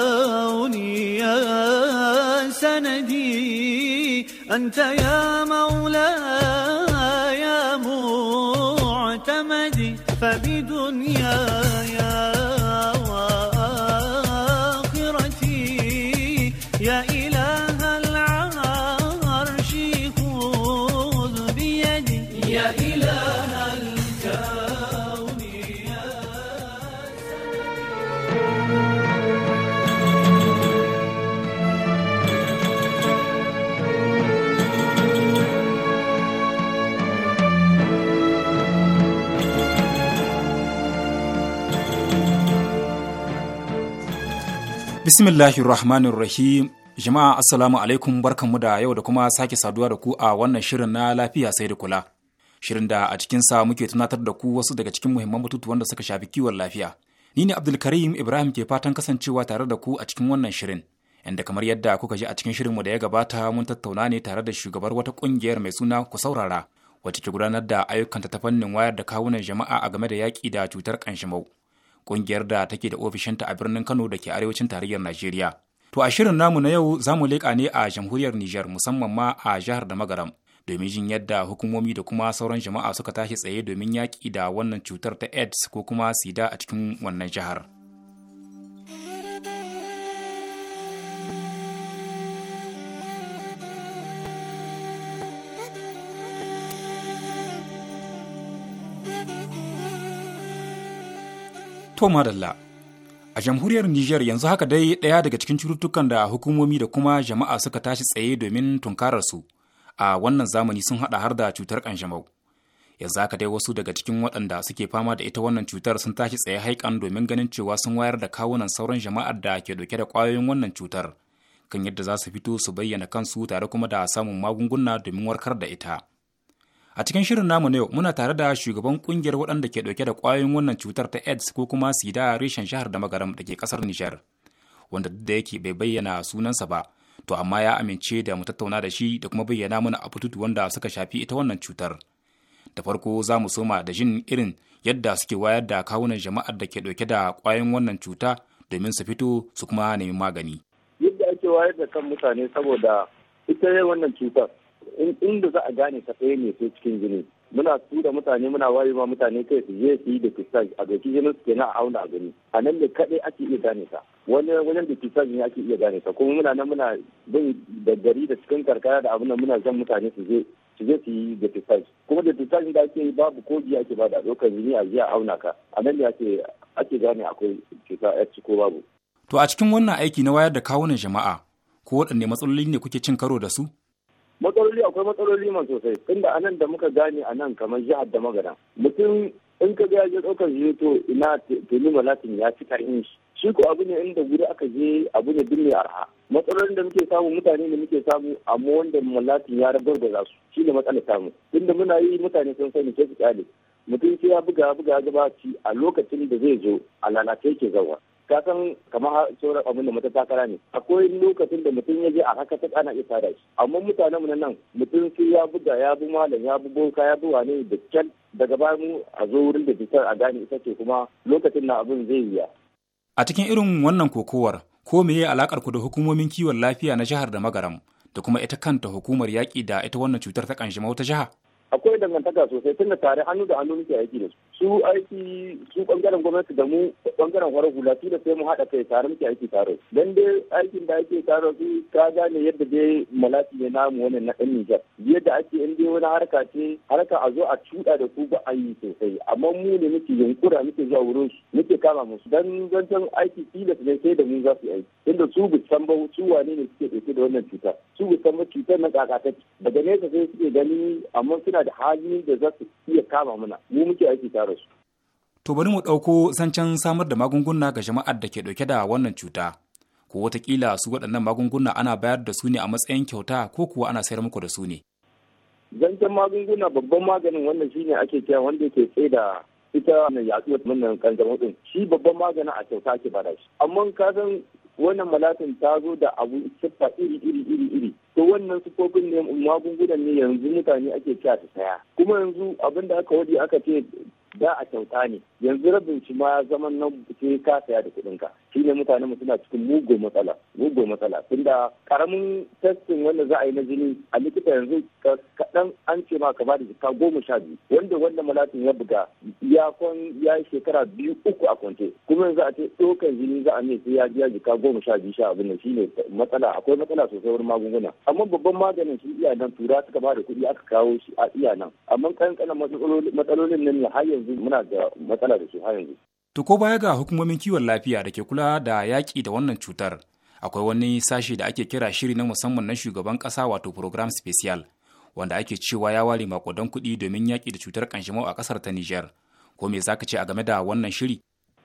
[SPEAKER 1] أنت يا مولاي يا معتمدي فبي
[SPEAKER 10] Bismillahir Rahmanir Rahim. Jama'a Assalamu alaikum barkan mu da yau da kuma sake saduwa da ku a wannan shirin na lafiya sai da kula. Shirin da a cikinsa muke tunatar da ku wasu daga cikin muhimman batutu wanda suka shafi kiwon lafiya. Ni ne Abdulkarim Ibrahim ke fatan kasancewa tare da ku a cikin wannan shirin. Inda kamar yadda kuka ji a cikin shirinmu da ya gabata mun tattauna ne tare da shugabar wata kungiyar mai suna ku saurara wacce ke gudanar da ayyukanta ta fannin wayar da kawunan jama'a a game da yaƙi da cutar ƙanshimau. ƙungiyar da take da ofishinta a birnin Kano da ke arewacin tarayyar Najeriya. To a shirin namu na yau za mu leƙa ne a jamhuriyar Nijar musamman ma a jihar da Magaram domin jin yadda hukumomi da kuma sauran jama'a suka tashi tsaye domin yaƙi da wannan cutar ta AIDS ko kuma sida a cikin wannan jihar. To madalla. A jamhuriyar Nijar yanzu haka dai ɗaya daga cikin cututtukan da hukumomi da kuma jama'a suka tashi tsaye domin tunkarar su a wannan zamani sun haɗa har da cutar kanjamau. Yanzu haka dai wasu daga cikin waɗanda suke fama da ita wannan cutar sun tashi tsaye haikan domin ganin cewa sun wayar da kawunan sauran jama'ar da ke dauke da ƙwayoyin wannan cutar kan yadda za su fito su bayyana kansu tare kuma da samun magunguna domin warkar da ita. A cikin shirin namu na yau muna tare da shugaban kungiyar waɗanda ke ɗauke da ƙwayoyin wannan cutar ta AIDS ko kuma sida reshen shahar da magaram da ke ƙasar Nijar. Wanda duk da yake bai bayyana sunansa ba, to amma ya amince da mu tattauna da shi da kuma bayyana mana a abututu wanda suka shafi ita wannan cutar. Da farko za mu soma da jin irin yadda suke wayar da kawunan jama'ar da ke ɗauke da ƙwayoyin wannan cuta domin su fito su kuma nemi
[SPEAKER 11] magani. Yadda ake wayar da kan mutane saboda ita wannan cutar inda za a gane ta ɗaya ne sai cikin jini muna tura mutane muna waye ma mutane kai su je su yi da fisaj a doki jinin su kenan a auna a gani a nan ne kaɗai ake iya gane ta wani wajen da fisaj ne ake iya gane ta kuma muna nan muna bin da gari da cikin karkara da abin nan muna zan mutane su je su je su yi da fisaj kuma da fisaj da ake yi babu ko biya ake bada ɗaukar jini a jiya auna ka a nan ne ake ake gane akwai cuta ya ci ko babu.
[SPEAKER 10] to a cikin wannan aiki na wayar da kawunan jama'a ko waɗanne matsaloli ne kuke cin karo da su.
[SPEAKER 11] matsaloli akwai matsaloli ma sosai tunda anan da muka gane a nan kamar jihar da magana mutum in ka ga ya ɗaukar jiya to ina tuni malatin ya fi karfin shi shi ko abu ne inda guri aka je abu ne duniya arha matsalolin da muke samu mutane ne muke samu amma wanda malatin ya da su shi ne matsalar samu tunda muna yi mutane sun sani ke fi kyale mutum ya buga buga gaba ci a lokacin da zai zo a lalace yake zawa ka san kamar sauran abin da mutum takara ne akwai lokacin da mutum ya je a haka ta ana isa da shi amma mutanen mu nan mutum sai ya buga ya bi malam ya bi boka ya bi wane da kyan daga baya mu a zo wurin da jikar a gane ita ce kuma lokacin na abin zai yiya.
[SPEAKER 10] a cikin irin wannan kokowar ko meye alakar ku da hukumomin kiwon lafiya na jihar da magaram da kuma ita kanta hukumar yaƙi da ita wannan cutar ta kanjamau ta jiha.
[SPEAKER 11] akwai dangantaka sosai tunda tare hannu da hannu muke aiki da su su aiki su bangaren gwamnati da mu bangaren farar hula su da sai mu haɗa kai tare muke aiki tare dan dai aikin da ake tare su ka gane yadda dai malaki ne namu wannan na ɗan Nijar yadda ake in dai wani harka ce harka a zo a cuɗa da ku ba a yi sosai amma mu ne muke yunkura muke zuwa wurin su muke kama musu dan zancen aiki tilas ne sai da mu za su aiki inda su bu san ba su wane ne suke ɗauke da wannan cuta su bu san ba cutar na kakatacci daga nesa sai suke gani amma suna da hali da za su iya kama mana mu muke aiki tare su.
[SPEAKER 10] To bari mu ɗauko zancen samar da magunguna ga jama'ar da ke ɗauke da wannan cuta. Ko watakila su waɗannan magunguna ana bayar da su ne a matsayin kyauta ko kuwa ana sayar muku da su ne?
[SPEAKER 11] Zancen magunguna babban maganin wannan shine ake kira wanda ke tsaye da ita mai wata wannan kanjamau din shi babban maganin a kyauta ke bada shi amma ka san wannan malatin ta zo da abu siffa iri iri iri iri to wannan sifofin ne magungunan ne yanzu mutane ake kira ta saya kuma yanzu abin da aka waje aka ce da a kyauta ne yanzu rabin shi ma zaman nan ka saya da kuɗinka shine mutane mu suna cikin mugun matsala mugun matsala tunda karamin testin wanda za a yi na jini a likita yanzu kaɗan an ce ma ka bada jika goma sha biyu wanda wanda malatin ya buga ya kwan ya yi shekara biyu uku a kwance kuma yanzu a ce ɗaukan jini za a ne sai ya biya jika goma sha biyu sha abin nan shine matsala akwai matsala sosai wurin magunguna amma babban maganin shi iya nan tura suka ba da kuɗi aka kawo shi a iya nan amma kankanin matsalolin nan har yanzu muna da matsala da su har yanzu.
[SPEAKER 10] To ko baya ga hukumomin kiwon lafiya da ke kula da yaƙi da wannan cutar, akwai wani sashe da ake kira shiri na musamman na shugaban ƙasa wato program special wanda ake cewa ya ware makudan kuɗi domin yaƙi da cutar kanjamau a ƙasar ta Nijar. Ko me za ka ce a game da wannan shiri?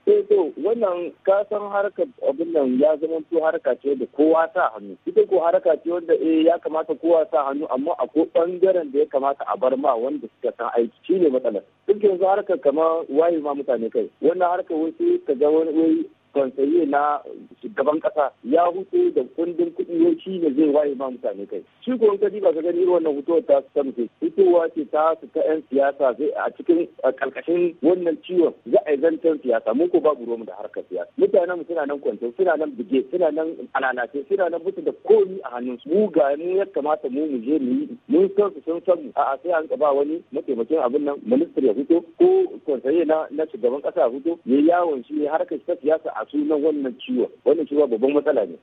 [SPEAKER 11] sai eh, to wannan kasan harkar abin nan ya zama to harka ce da kowa sa hannu ita ko harka ce wanda eh ya kamata kowa sa hannu amma akwai bangaren da ya kamata a bar ma wanda suka san aiki shine matsalar duk yanzu harkar kamar waye ma mutane kai wannan harka wasu ka ga wani kwansaye na shugaban kasa ya hutu da kundin kuɗi shi ne zai waye ma mutane kai shi ko ka diba ka gani wannan hutuwar ta su samu fitowa ce ta su ta yan siyasa zai a cikin karkashin wannan ciwon za a zantar siyasa mun ko babu ruwanmu da harkar siyasa mutanen mu suna nan kwanto suna nan bige suna nan alalace suna nan mutu da komi a hannun su mu ga mu ya kamata mu mu je mu yi mun san su sun san mu a'a sai an ba wani mataimakin abin nan ministry ya fito ko kwansaye na na shugaban kasa ya fito ya yawon shi harkar ta siyasa a a sunan wannan ciwon wannan ciwon babban matsala ne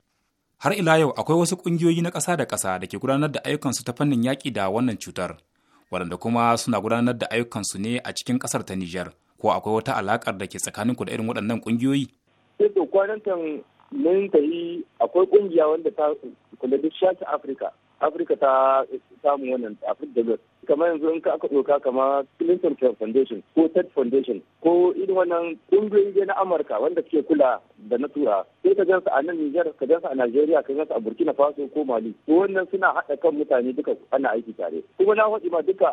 [SPEAKER 10] har ila yau akwai wasu ƙungiyoyi na ƙasa da ƙasa da ke gudanar da ayyukansu ta fannin yaƙi da wannan cutar waɗanda kuma suna gudanar da ayyukansu ne a cikin ƙasar ta Nijar ko akwai wata alaƙar da ke tsakanin ku da irin waɗannan ƙungiyoyi?
[SPEAKER 11] Sai eh, to kwanan can mun ta yi akwai ƙungiya wanda ta kula duk shafi Afirka Afirka ta samu wannan Afirka da kamar yanzu in ka aka doka kamar Clinton Foundation ko Ted Foundation ko irin wannan ƙungiyoyi na Amurka wanda suke kula da na tura sai ka gansu a nan Nijar ka gansu a Najeriya ka gansu a Burkina Faso ko Mali to wannan suna haɗa kan mutane duka ana aiki tare kuma na faɗi ma duka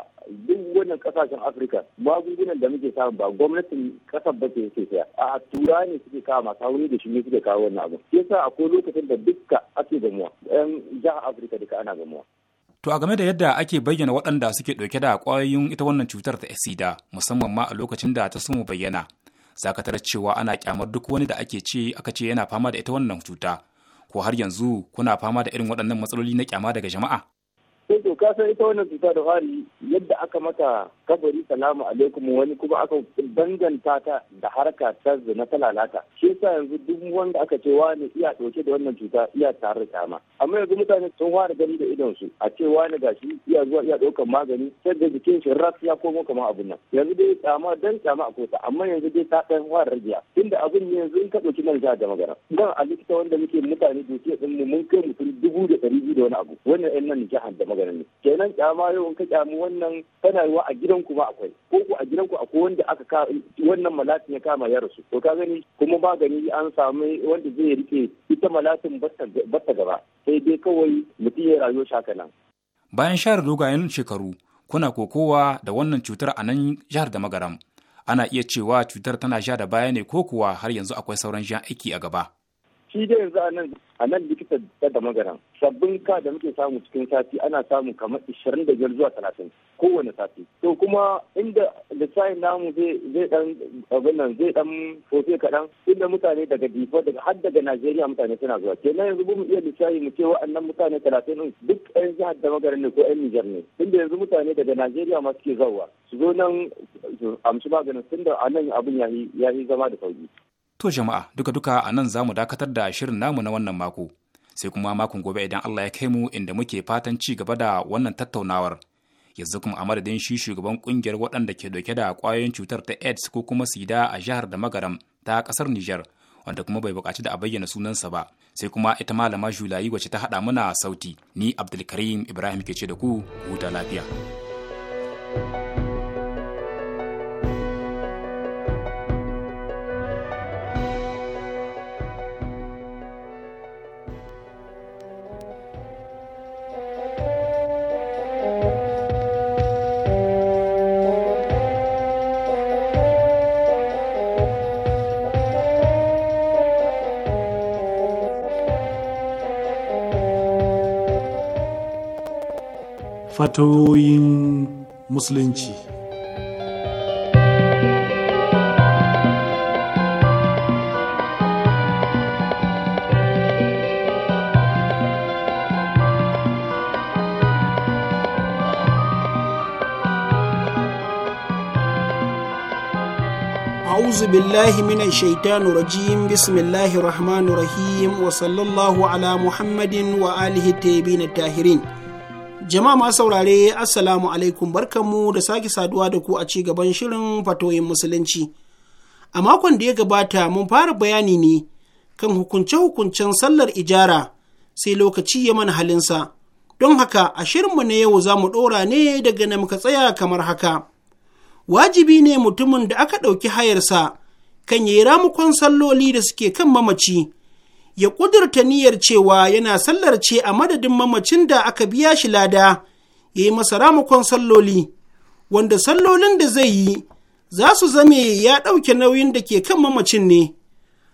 [SPEAKER 11] duk wannan ƙasashen Afirka magungunan da muke samu ba gwamnatin ƙasar ba ce yake saya a tura ne suke masu hauri da shi ne suke kawo wannan abu sa akwai lokacin da duka ake gamuwa 'yan jihar Afirka duka ana gamuwa
[SPEAKER 10] To a game da yadda ake bayyana waɗanda suke ɗauke da ƙwayoyin ita wannan cutar ta sida musamman ma a lokacin da ta samu bayyana. Zakatar cewa ana kyamar duk wani da ake ce aka ce yana fama da ita wannan cuta. Ko har yanzu kuna fama da irin waɗannan matsaloli na kyama daga jama'a?
[SPEAKER 11] sai eh, to ka san ita wannan cuta da fari yadda aka mata kabari salamu alaikum wani kuma aka danganta ta da harka ta zina ta lalata shi yasa yanzu duk wanda aka ce wani iya dauke da wannan cuta iya tare da ma amma yanzu mutane sun fara gani da idon su a ce wani gashi iya zuwa iya daukan magani sai da jikin shi ras ya komo kamar abun nan yanzu dai tsama dan tsama a kota amma yanzu dai ta dan fara rajiya tunda abin ne yanzu in ka dauki nan da magana dan a likita wanda muke mutane dukiya din mu mun kai mutum dubu da ɗari biyu da wani abu wannan yan nan jihar da magana maganar ne kenan kyama yau in ka kyamu wannan tana yiwa a ku ba akwai ko ku a ku akwai wanda aka ka wannan malatin ya kama ya rasu to ka gani kuma magani an samu wanda zai rike ita malatin bata gaba sai dai kawai mutum ya rayuwa shaka nan
[SPEAKER 10] bayan share dogayen shekaru kuna kokowa da wannan cutar a nan jihar da magaram ana iya cewa cutar tana sha da baya ne ko kuwa har yanzu akwai sauran jan aiki a gaba
[SPEAKER 11] shi da yanzu a nan likita da magana sabbin ka da muke samu cikin sati ana samu kamar ishirin da biyar zuwa talatin kowane sati to kuma inda lissafin namu zai dan abin nan zai dan fofe kaɗan inda mutane daga difo daga har daga najeriya mutane suna zuwa kenan yanzu mu iya lissafi mu ce wa'annan mutane talatin duk yan jihar da magana ne ko yan nijar ne inda yanzu mutane daga najeriya ma suke zuwa su zo nan amshi maganin tunda a nan abin ya yi zama da sauki
[SPEAKER 10] To jama'a duka-duka a nan za mu dakatar da shirin namu na wannan mako. Sai kuma makon gobe idan Allah ya kai mu inda muke fatan ci gaba da wannan tattaunawar. Yanzu kuma a madadin shi shugaban kungiyar waɗanda ke dauke da ƙwayoyin cutar ta AIDS ko kuma sida a jihar da magaram ta ƙasar Nijar wanda kuma bai buƙaci da a bayyana sunansa ba. Sai kuma ita malama Julayi wacce ta haɗa mana sauti. Ni Abdulkarim Ibrahim ke ce da ku huta lafiya.
[SPEAKER 3] fatoyin
[SPEAKER 5] musulunci أعوذ بالله من الشيطان الرجيم بسم الله الرحمن الرحيم وصلى الله على محمد وآله الطيبين الطاهرين Jama'a masu saurare Assalamu alaikum barkanmu da sake saduwa da ku a ci gaban shirin fatoyin musulunci. A makon da ya gabata mun fara bayani ne kan hukunce-hukuncen sallar ijara sai lokaci ya mana halinsa. Don haka a shirinmu na yau za mu ɗora ne daga na muka tsaya kamar haka. Wajibi ne mutumin da aka ɗauki hayarsa kan yi ramukon salloli da suke kan mamaci ya ƙudurta niyyar cewa yana sallar ce a madadin mamacin da aka biya shi lada ya yi masa ramukon salloli wanda sallolin da zai yi za su zame ya ɗauke nauyin da ke kan mamacin ne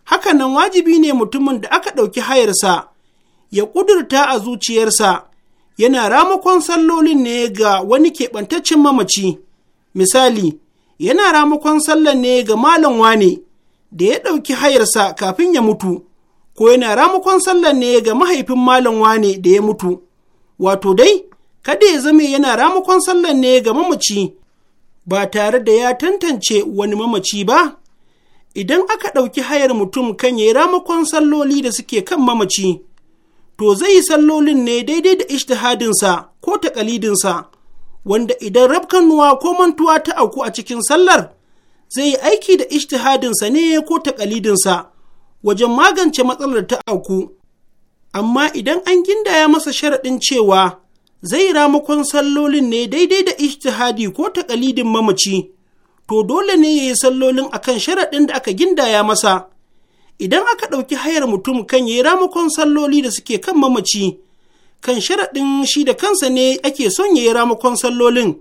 [SPEAKER 5] hakanan wajibi ne mutumin da aka ɗauki hayarsa ya ƙudurta a zuciyarsa yana ramukon sallolin ne ga wani keɓantaccen mamaci misali yana ramukon sallar ne ga malam wane da ya ɗauki hayarsa kafin ya mutu ko yana ramukon sallar ne ga mahaifin malam wane da ya mutu wato dai kada ya zame yana ramukon sallar ne ga mamaci ba tare da ya tantance wani mamaci ba idan aka ɗauki hayar mutum kan ya yi ramakon salloli da suke kan mamaci to zai yi sallolin ne daidai da ishtihadinsa ko takalidinsa wanda idan rabkanuwa ko mantuwa ta auku a cikin sallar zai yi aiki da ishtihadinsa ne ko takalidinsa wajen magance matsalar ta auku, amma idan an gindaya masa sharaɗin cewa zai ramakon sallolin ne daidai da ishtihadi ko takalidin mamaci, to dole ne ya yi sallolin akan sharaɗin da aka gindaya masa. Idan aka ɗauki hayar mutum kan ya yi ramakon salloli da suke kan mamaci, kan sharaɗin shi da kansa ne ake son ya yi ramakon sallolin,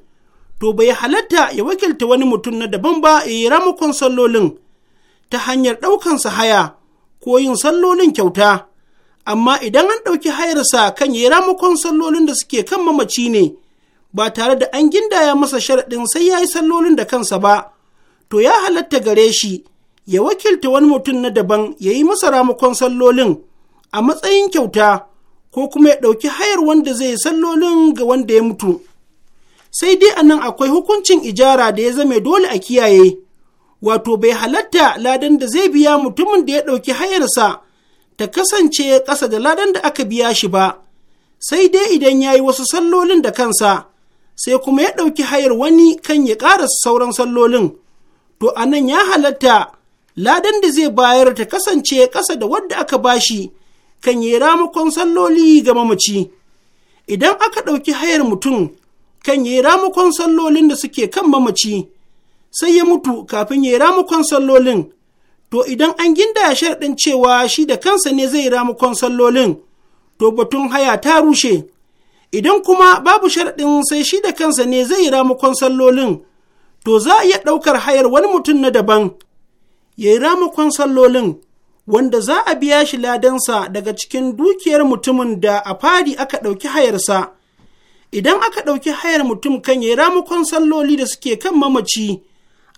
[SPEAKER 5] to bai halatta ya wakilta wani mutum na daban ba ya yi ramakon sallolin ta hanyar ɗaukansa haya. ko yin sallolin kyauta, amma idan an ɗauki hayarsa kan yi ramukon sallolin da suke kan mamaci ne, ba tare da an gindaya masa sharaɗin sai ya yi sallolin da kansa ba, to ya halatta gare shi ya wakilta wani mutum na daban ya yi masa ramukon sallolin a matsayin kyauta ko kuma ya ɗauki hayar wanda zai yi sallolin ga wanda ya mutu. Sai dai a nan akwai hukuncin ijara da ya zame dole a kiyaye. wato bai halatta ladan da zai biya mutumin da ya ɗauki hayarsa ta kasance ƙasa da ladan da aka biya shi ba, sai dai idan ya yi wasu sallolin da kansa, sai kuma ya ɗauki hayar wani kan ya ƙara sauran sallolin, to a nan ya halatta ladan da zai bayar ta kasance ƙasa da wadda aka bashi kan yi ramakon salloli ga mamaci. Idan aka ɗauki hayar mutum kan yi ramakon sallolin da suke kan mamaci. sai ya mutu kafin ya yi ramukon sallolin to idan an ginda sharɗin cewa shi da kansa ne zai ramukon sallolin to batun haya ta rushe idan kuma babu sharɗin sai shi da kansa ne zai ramukon sallolin to za a iya ɗaukar hayar wani mutum na daban ya yi ramakon sallolin wanda za a biya shi ladansa daga cikin dukiyar mutumin da a fari aka ɗauki hayarsa idan aka ɗauki hayar mutum kan ya yi ramakon salloli da suke kan mamaci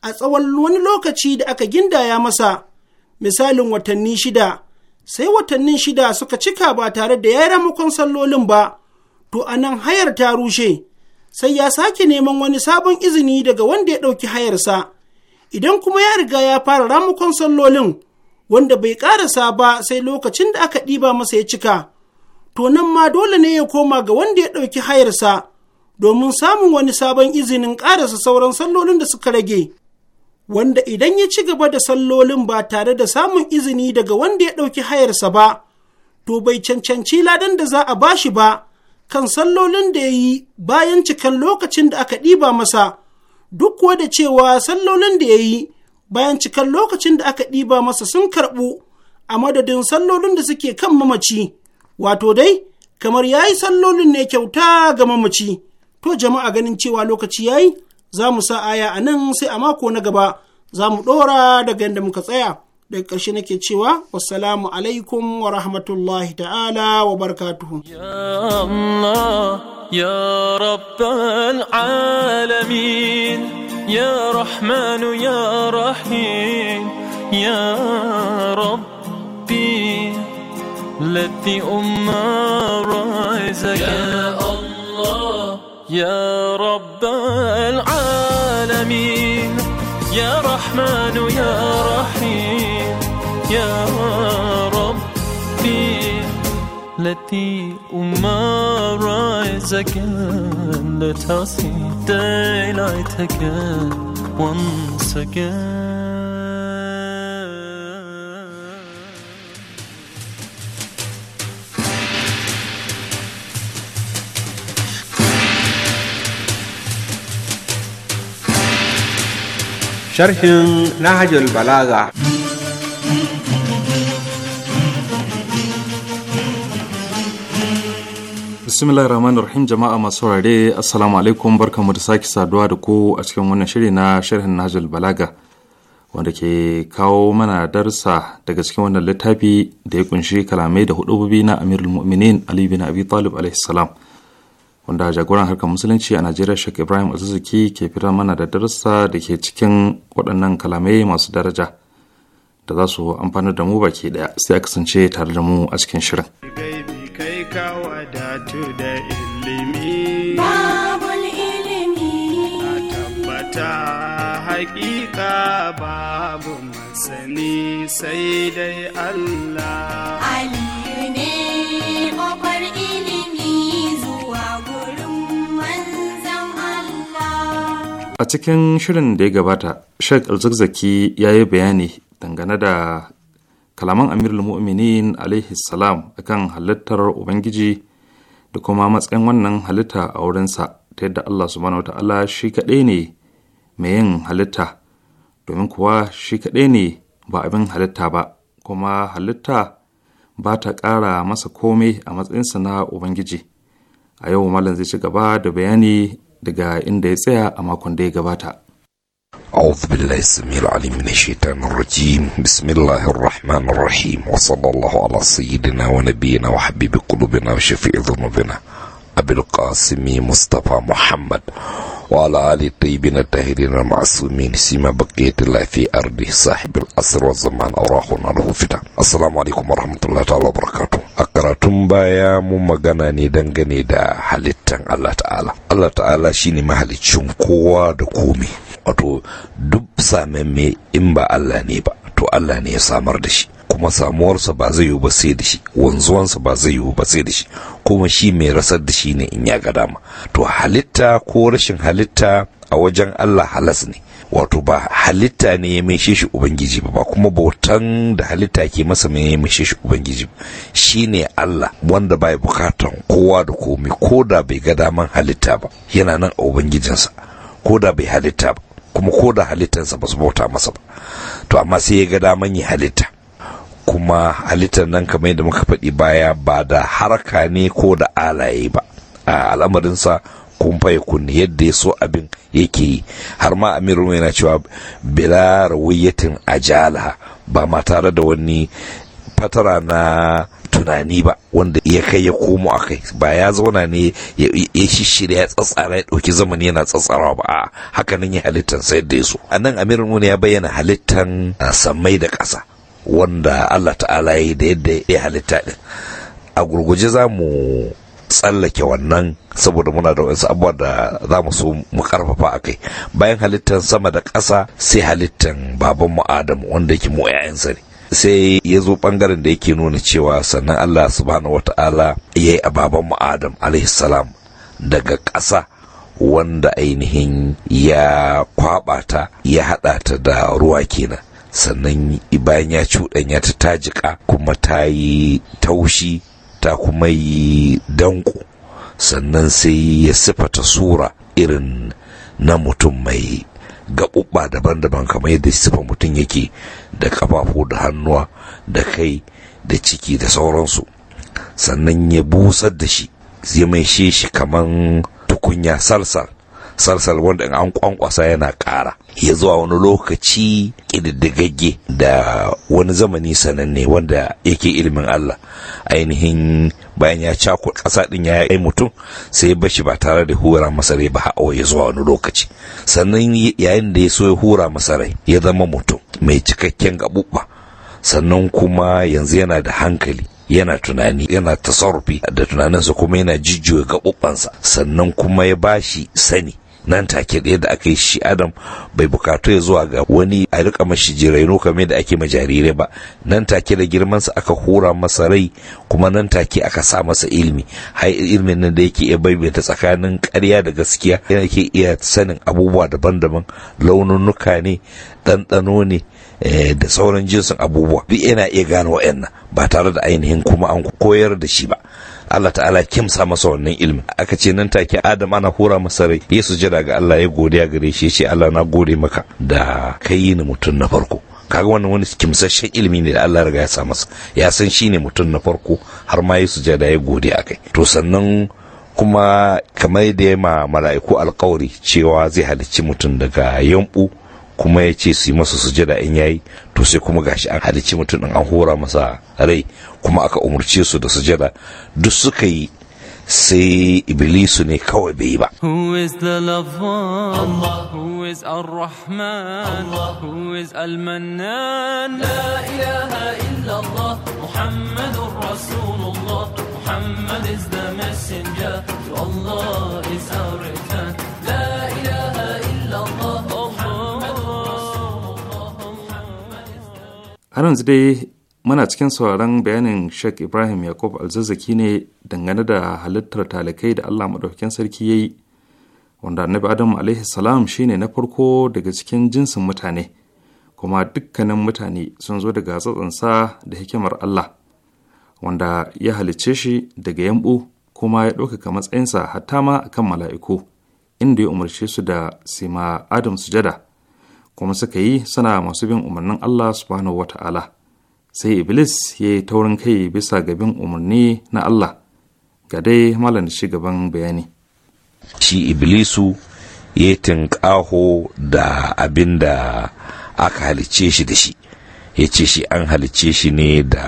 [SPEAKER 5] a tsawon wani lokaci da aka gindaya masa misalin watanni shida sai watannin shida suka cika ba tare da ya yi ramakon sallolin ba to a nan hayar ta rushe sai ya sake neman wani sabon izini daga wanda ya ɗauki hayarsa idan kuma ya riga ya fara ramakon sallolin wanda bai ƙarasa ba sai lokacin da aka ɗiba masa ya cika to nan ma dole ne ya koma ga wanda ya ɗauki hayarsa domin samun wani sabon izinin ƙarasa sauran sallolin da suka rage wanda idan ya ci gaba da sallolin ba tare da samun izini daga wanda ya ɗauki hayarsa ba, to bai cancanci ladan da za a ba shi ba kan sallolin da ya yi bayan cikan lokacin da aka ɗiba masa, duk kuwa da cewa sallolin da ya yi bayan cikan lokacin da aka ɗiba masa sun karɓu a madadin sallolin da suke kan mamaci, wato dai kamar ya yi sallolin ne kyauta ga mamaci, to jama'a ganin cewa lokaci ya yi. za mu sa aya a nan sai a mako na gaba za mu ɗora daga yadda muka tsaya daga ƙarshe nake cewa wassalamu alaikum wa rahmatullahi ta'ala
[SPEAKER 1] wa barakatuhu ya Allah ya rabbal alamin ya rahmanu ya rahim ya rabbi lati umma ya Allah ya rabbal alamin الرحمن يا رحيم يا ربي التي أمار عايزكن لتصيد ديلعتكن once
[SPEAKER 10] sharhin Nahajul
[SPEAKER 5] Balaga.
[SPEAKER 6] bismillahir rahim jama'a masu saurare assalamu alaikum barkamu da sake saduwa da ku a cikin wannan shiri na sharhin Nahajul Balaga wanda ke kawo mana darsa daga cikin wannan littafi da ya kunshi kalamai da hudububi na Amirul Mu'minin Ali bin Abi Talib alaihi salam. wanda jagoran harkar musulunci a najeriya shek ibrahim azuzuki ke fitar mana da darussa da ke cikin waɗannan kalamai masu daraja da za su amfanar da mu baki ɗaya sai a kasance tare da mu a cikin shirin
[SPEAKER 3] Hakika babu
[SPEAKER 1] masani
[SPEAKER 3] sai dai Allah.
[SPEAKER 12] Ali.
[SPEAKER 6] A cikin shirin da ya gabata, Sheikh Alzakzaki ya yi bayani dangane da kalaman Amir Muminin alaihi salam akan halittar Ubangiji da kuma matsayin wannan halitta a wurinsa ta yadda Allah subhanahu wata'ala shi kaɗai ne mai yin halitta, domin kuwa shi kaɗai ne ba abin halitta ba, kuma halitta ba ta ƙara masa komai a matsayinsa na Ubangiji. A yau Malam zai ci gaba da bayani daga
[SPEAKER 8] inda ya tsaya a makon da ya gabata أعوذ بالله السميع العليم من الشيطان الرجيم بسم الله الرحمن الرحيم وصلى الله على سيدنا ونبينا وحبيب قلوبنا وشفيع ذنوبنا أبي القاسم مصطفى محمد وعلى آل الطيبين الطاهرين المعصومين سيما بقية الله في أرضه صاحب الأسر والزمان أوراقنا له فتن السلام عليكم ورحمة الله تعالى وبركاته a karatun baya mu magana ne dangane da halittan Allah ta'ala Allah ta'ala shine mahaliccin kowa da komi wato duk me in ba Allah ne ba to Allah ne ya samar da shi kuma samuwarsa ba zai yiwu ba sai da shi wanzuwansa ba zai yiwu ba sai da shi kuma shi mai rasar da shi ne in ya ga dama to halitta ko rashin halitta a wajen Allah halas ne wato ba halitta ne ya maishe shi ubangiji ba kuma bautan da halitta ke masa mai maishe shi ubangiji ba ne Allah wanda ba ya bukatan kowa da komai ko da bai ga daman halitta ba yana nan a ubangijinsa ko da bai halitta ba kuma ko da halittansa ba su bauta masa ba to amma sai ya ga daman yi halitta kuma halittar nan kamar yadda muka faɗi baya ba da harka ne ko da alaye ba a al'amarinsa kun fa kun yadda ya so abin yake yi har ma amirul yana cewa bila rawayatin ajala ba ma tare da wani fatara na tunani ba wanda ya kai ya komo a kai ba ya zauna ne ya shishirya ya tsatsara ya ɗauki zamani yana tsatsarawa ba haka nan ya halittan sai da ya so a nan amirul ya bayyana halittan sammai da ƙasa wanda allah ta'ala ya yi da yadda ya halitta din a gurguje za mu tsallake wannan saboda muna da wasu abubuwa da za mu so mu karfafa a kai bayan halittar sama da ƙasa sai halittar baban mu adamu wanda yake mu 'ya'yansa ne sai ya zo ɓangaren da yake nuna cewa sannan allah subhanahu ta'ala ya yi a baban mu adam salam daga ƙasa wanda ainihin ya kwaɓa ta ya haɗa ta da ruwa kenan sannan bayan ya cuɗanya ta ta jiƙa kuma ta yi taushi ta kuma yi danko sannan sai ya sifata sura irin na mutum mai gaɓuɓɓa daban-daban kamar yadda sifa mutum yake da ƙafafu da hannuwa da kai da ciki da sauransu sannan ya busar da shi zai mai shi kamar tukunya salsal salsal wanda in an kwankwasa yana ƙara ya zuwa wani lokaci ƙididdigagge da wani zamani sananne wanda yake ilimin Allah ainihin bayan ya cako ƙasa ɗin ya yi mutum sai bashi ba tare da hura masarai ba hawa ya zuwa wani lokaci sannan yayin da ya so ya hura masarai, ya zama mutum mai cikakken gaɓuɓɓa sannan kuma yanzu yana da hankali yana tunani yana tasarrufi da tunaninsa kuma yana jijjiwa gaɓuɓɓansa sannan kuma ya bashi sani nan take ɗaya da aka yi shi adam bai bukatu ya zuwa ga wani a rika mashi jirainu kamar da ake majarire ba nan take da girmansa aka hura masa rai kuma nan take aka sa masa ilimi har ilimin nan da yake iya baibaita tsakanin ƙarya da gaskiya yana ke iya sanin abubuwa daban-daban nuka ne ɗanɗano ne eh, da sauran jinsin abubuwa duk yana iya gane wa'annan ba tare da ainihin kuma an koyar da shi ba Allah ta'ala kimsa masa wannan ilmin aka ce nan take Adam ana hura masa rai Yesu sujada ga Allah ya godiya gare shi ya ce Allah na gode maka da kai ni mutum na farko kaga wannan wani kimsasshen ilimi ne da Allah riga ya sa masa ya san shi ne mutum na farko har ma Yesu sujada ya gode a kai to sannan kuma kamar da ya ma mala'iku alkawari cewa zai halicci mutum daga yambu kuma ya ce su yi masa sujada in yayi to sai kuma gashi an halicci mutum an hora masa rai kuma aka umarce su da sujada duk suka yi sai iblisu ne kawai bai yi ba who
[SPEAKER 1] is the love Allah who is ar-rahman Allah who is al-mannan la ilaha illa Allah muhammadur rasulullah muhammad is the messenger Allah is our
[SPEAKER 6] har yanzu dai muna cikin sauraron bayanin Sheikh Ibrahim Yakub Alzazzaki ne dangane da halittar talikai da Allah maɗaukakin sarki ya yi, wanda Annabi Adam alaihi salam shi ne na farko daga cikin jinsin mutane, kuma dukkanin mutane sun zo daga tsatsansa da hikimar Allah, wanda ya halicce shi daga yambu kuma ya ɗaukaka matsayinsa hatta ma akan mala'iku, inda ya umarce su da sima Adam sujada. kuma suka yi suna masu bin umarnin Allah subhanahu wa ta'ala sai iblis ya yi taurin kai bisa ga bin umarni na Allah
[SPEAKER 8] ga dai malam shi gaban bayani shi iblisu ya tinƙaho da abin da aka halice shi da shi ya ce shi an halice shi ne da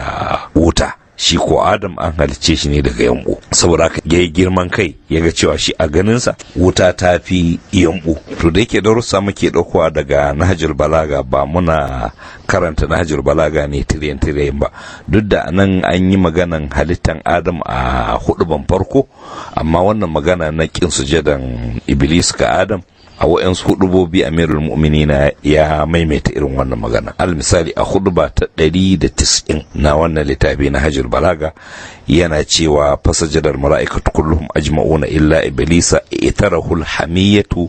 [SPEAKER 8] wuta shi ko adam an halicce shi ne daga yambo saboda haka ya yi girman kai ya ga cewa shi a ganinsa wuta ta fi yambo to da yake darussa muke daukowa daga nahajar balaga ba muna karanta nahajar balaga ne tiriyan tiriyan ba duk da nan an yi maganan halittan adam a hudu ban farko amma wannan magana na kin sujadan iblis ga adam a wa'yansu hudubobi amirul mu'minina ya maimaita irin wannan magana al misali a huduba ta ɗari da 190 na wannan littafi na hajjul balaga yana cewa fasajadar mala'ikatu kulluhum ajma'una illa iblisa itarahul hamiyatu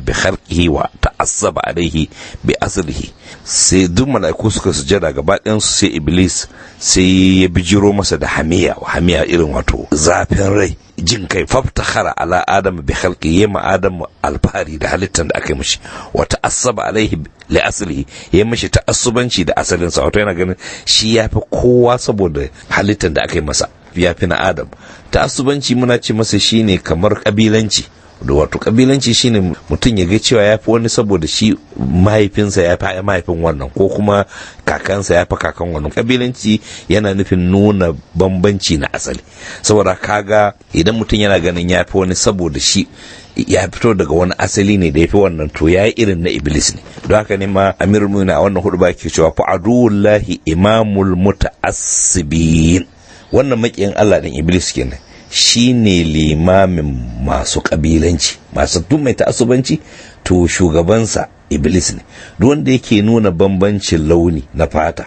[SPEAKER 8] bi khalqihi wa ta'assaba alayhi bi بأصله sai duk mala'iku suka sujada gaba ɗayansu sai iblis sai ya bijiro masa da hamiya hamiya irin wato zafin rai jin kai faftakhara ala adam bi khalqi yema adam alfahari da halittan da aka yi mishi wa ta'assaba alaihi li asli ya mishi ta'assubanci da asalin sa wato yana ganin shi yafi kowa saboda halittan da aka yi masa yafi na adam ta'assubanci muna ce masa shine kamar kabilanci da wato kabilanci shine mutum ya ga cewa ya fi wani saboda shi mahaifinsa ya fi mahaifin wannan ko kuma kakansa ya fi kakan wannan kabilanci yana nufin nuna bambanci na asali saboda kaga idan mutum yana ganin ya fi wani saboda shi ya fito daga wani asali ne da ya fi wannan to ya yi irin na iblis ne don haka ne ma amir muna a wannan hudu ba ke cewa fa aduwullahi imamul muta'assibin wannan makiyin Allah din iblis kenan shine limamin masu kabilanci masu mai asubanci to shugabansa iblis ne duk wanda yake nuna bambancin launi na fata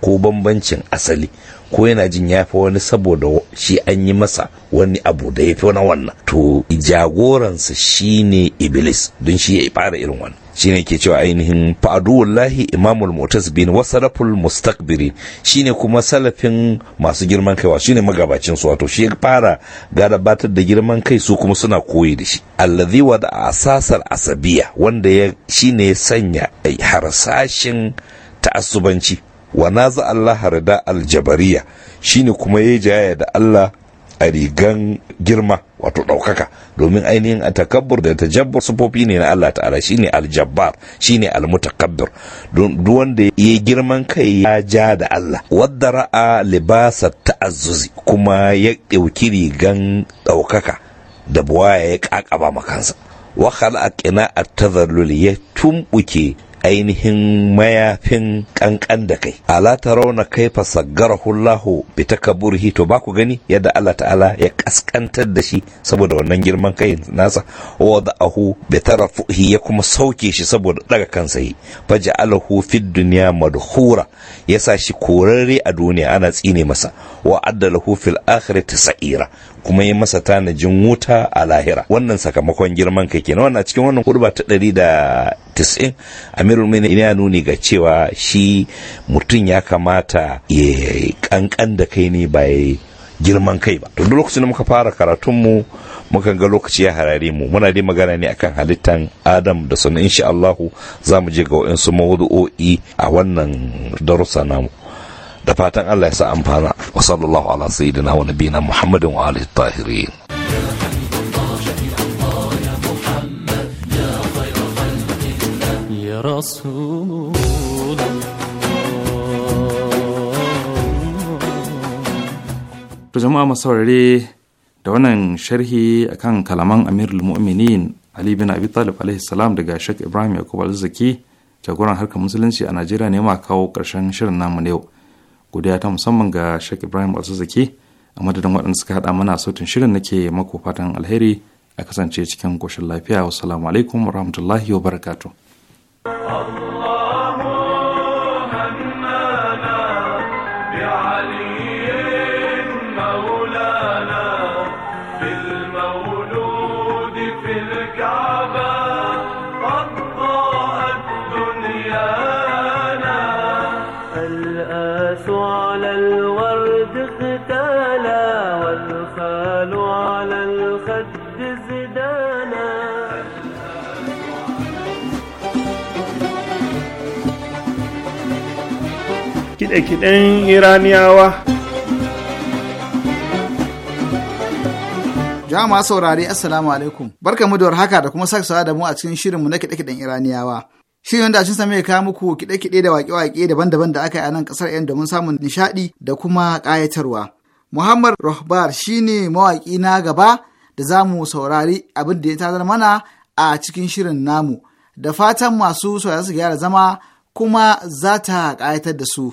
[SPEAKER 8] ko bambancin asali ko yana jin ya fi wani saboda shi an yi masa wani abu da ya fi na wannan to jagoransa shine iblis don shi ya fara irin wannan shine ke cewa ainihin fa'adu imamul mutas bin wa salaful mustakbiri shine kuma salafin masu girman kaiwa shine magabacin su wato shi ya fara garabatar da girman kai su kuma suna koyi da shi allazi wa da asasar asabiya wanda ya shine ya sanya harsashin ta'assubanci wa naza Allah da aljabariya shine kuma ya jaya da Allah a rigan girma wato ɗaukaka domin ainihin a takabbur da jabbar sufofi ne na Allah ta'ala shine aljabbar shine almutakabbir duk wanda ya girman kai ya ja da Allah wadda ra'a libasa ta'azzuzi kuma ya ɗauki rigan ɗaukaka da buwaya ya ƙaƙaba makansa wa khala'a qina'at tadhallul ya tumbuke ainihin mayafin kankan da kai ala rauna kaifa saggarahu Allahu bi takabburhi to ba ku gani yadda Allah ta'ala ya kaskantar da shi saboda wannan girman kai nasa wa ahu bi tarafuhi ya kuma sauke shi saboda daga kansa yi faja'alahu fid dunya madhura yasa shi korarre a duniya ana tsine masa wa addalahu fil akhirati sa'ira kuma yi masa tanajin wuta a lahira wannan sakamakon girman kai kenan wannan cikin wannan hurba ta ɗari da tis'in amirul ya nuni ga cewa shi mutum ya kamata ya kankan da kai ne ba girman kai ba to lokacin da muka fara karatunmu muka ga lokaci ya harare mu muna dai magana ne akan halittan adam da sunan insha Allahu za mu je ga wa'insu mawudu'o'i a wannan darussa namu da fatan Allah ya sa amfana wa sallallahu ala sayyidina wa nabiyina muhammadin wa alihi tahirin
[SPEAKER 6] To jama'a masu saurare da wannan sharhi akan kalaman Amirul Mu'minin Ali bin Abi Talib alaihi salam daga Sheikh Ibrahim yakubu Al-Zaki jagoran harkar musulunci a Najeriya ne ma kawo ƙarshen shirin namu na yau. godiya ta musamman ga Sheikh Ibrahim Alzazzaki a madadin waɗanda suka haɗa mana sautin shirin nake mako fatan alheri a kasance cikin ƙoshin lafiya wassalamu alaikum wa barakatuh.
[SPEAKER 3] kiɗe-kiɗen iraniyawa jama'a saurari assalamu alaikum barka
[SPEAKER 10] mu da warhaka da kuma sake da mu a cikin shirinmu na kiɗe-kiɗen iraniyawa shirin wanda cin mai ka muku kiɗe-kiɗe da waƙe-waƙe daban-daban da aka yi a nan ƙasar yan domin samun nishaɗi da kuma ƙayatarwa muhammad rohbar shine mawaƙi na gaba da za mu saurari abin da ya tazar mana a cikin shirin namu da fatan masu saurari su gyara zama
[SPEAKER 13] kuma za ta ƙayatar da su.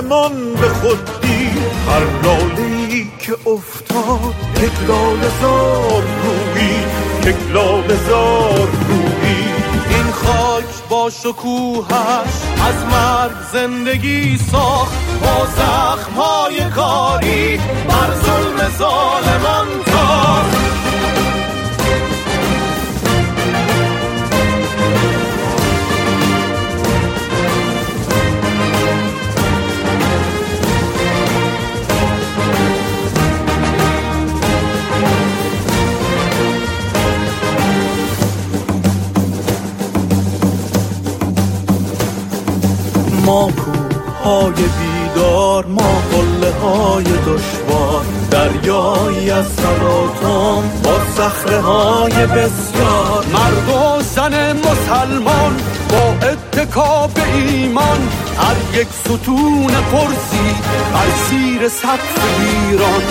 [SPEAKER 1] من به خود دید هر لاله که افتاد یک لاله زار رویی یک لاله این خاک با شکوهش از مرگ زندگی ساخت با زخمهای کاری بر ظلم ظالمان تا ما بیدار ما قله های دشوار دریایی از سراتان با سخره های بسیار مرد و زن مسلمان با اتکاب ایمان هر یک ستون پرسی بر سیر سطح ایران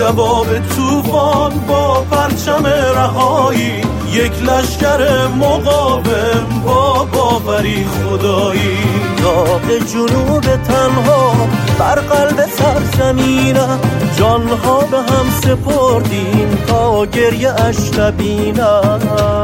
[SPEAKER 1] جواب توفان با پرچم رهایی یک لشکر مقاوم با باوری خدایی داغ جنوب تنها بر قلب سرزمینم جانها به هم سپردیم تا گریه اش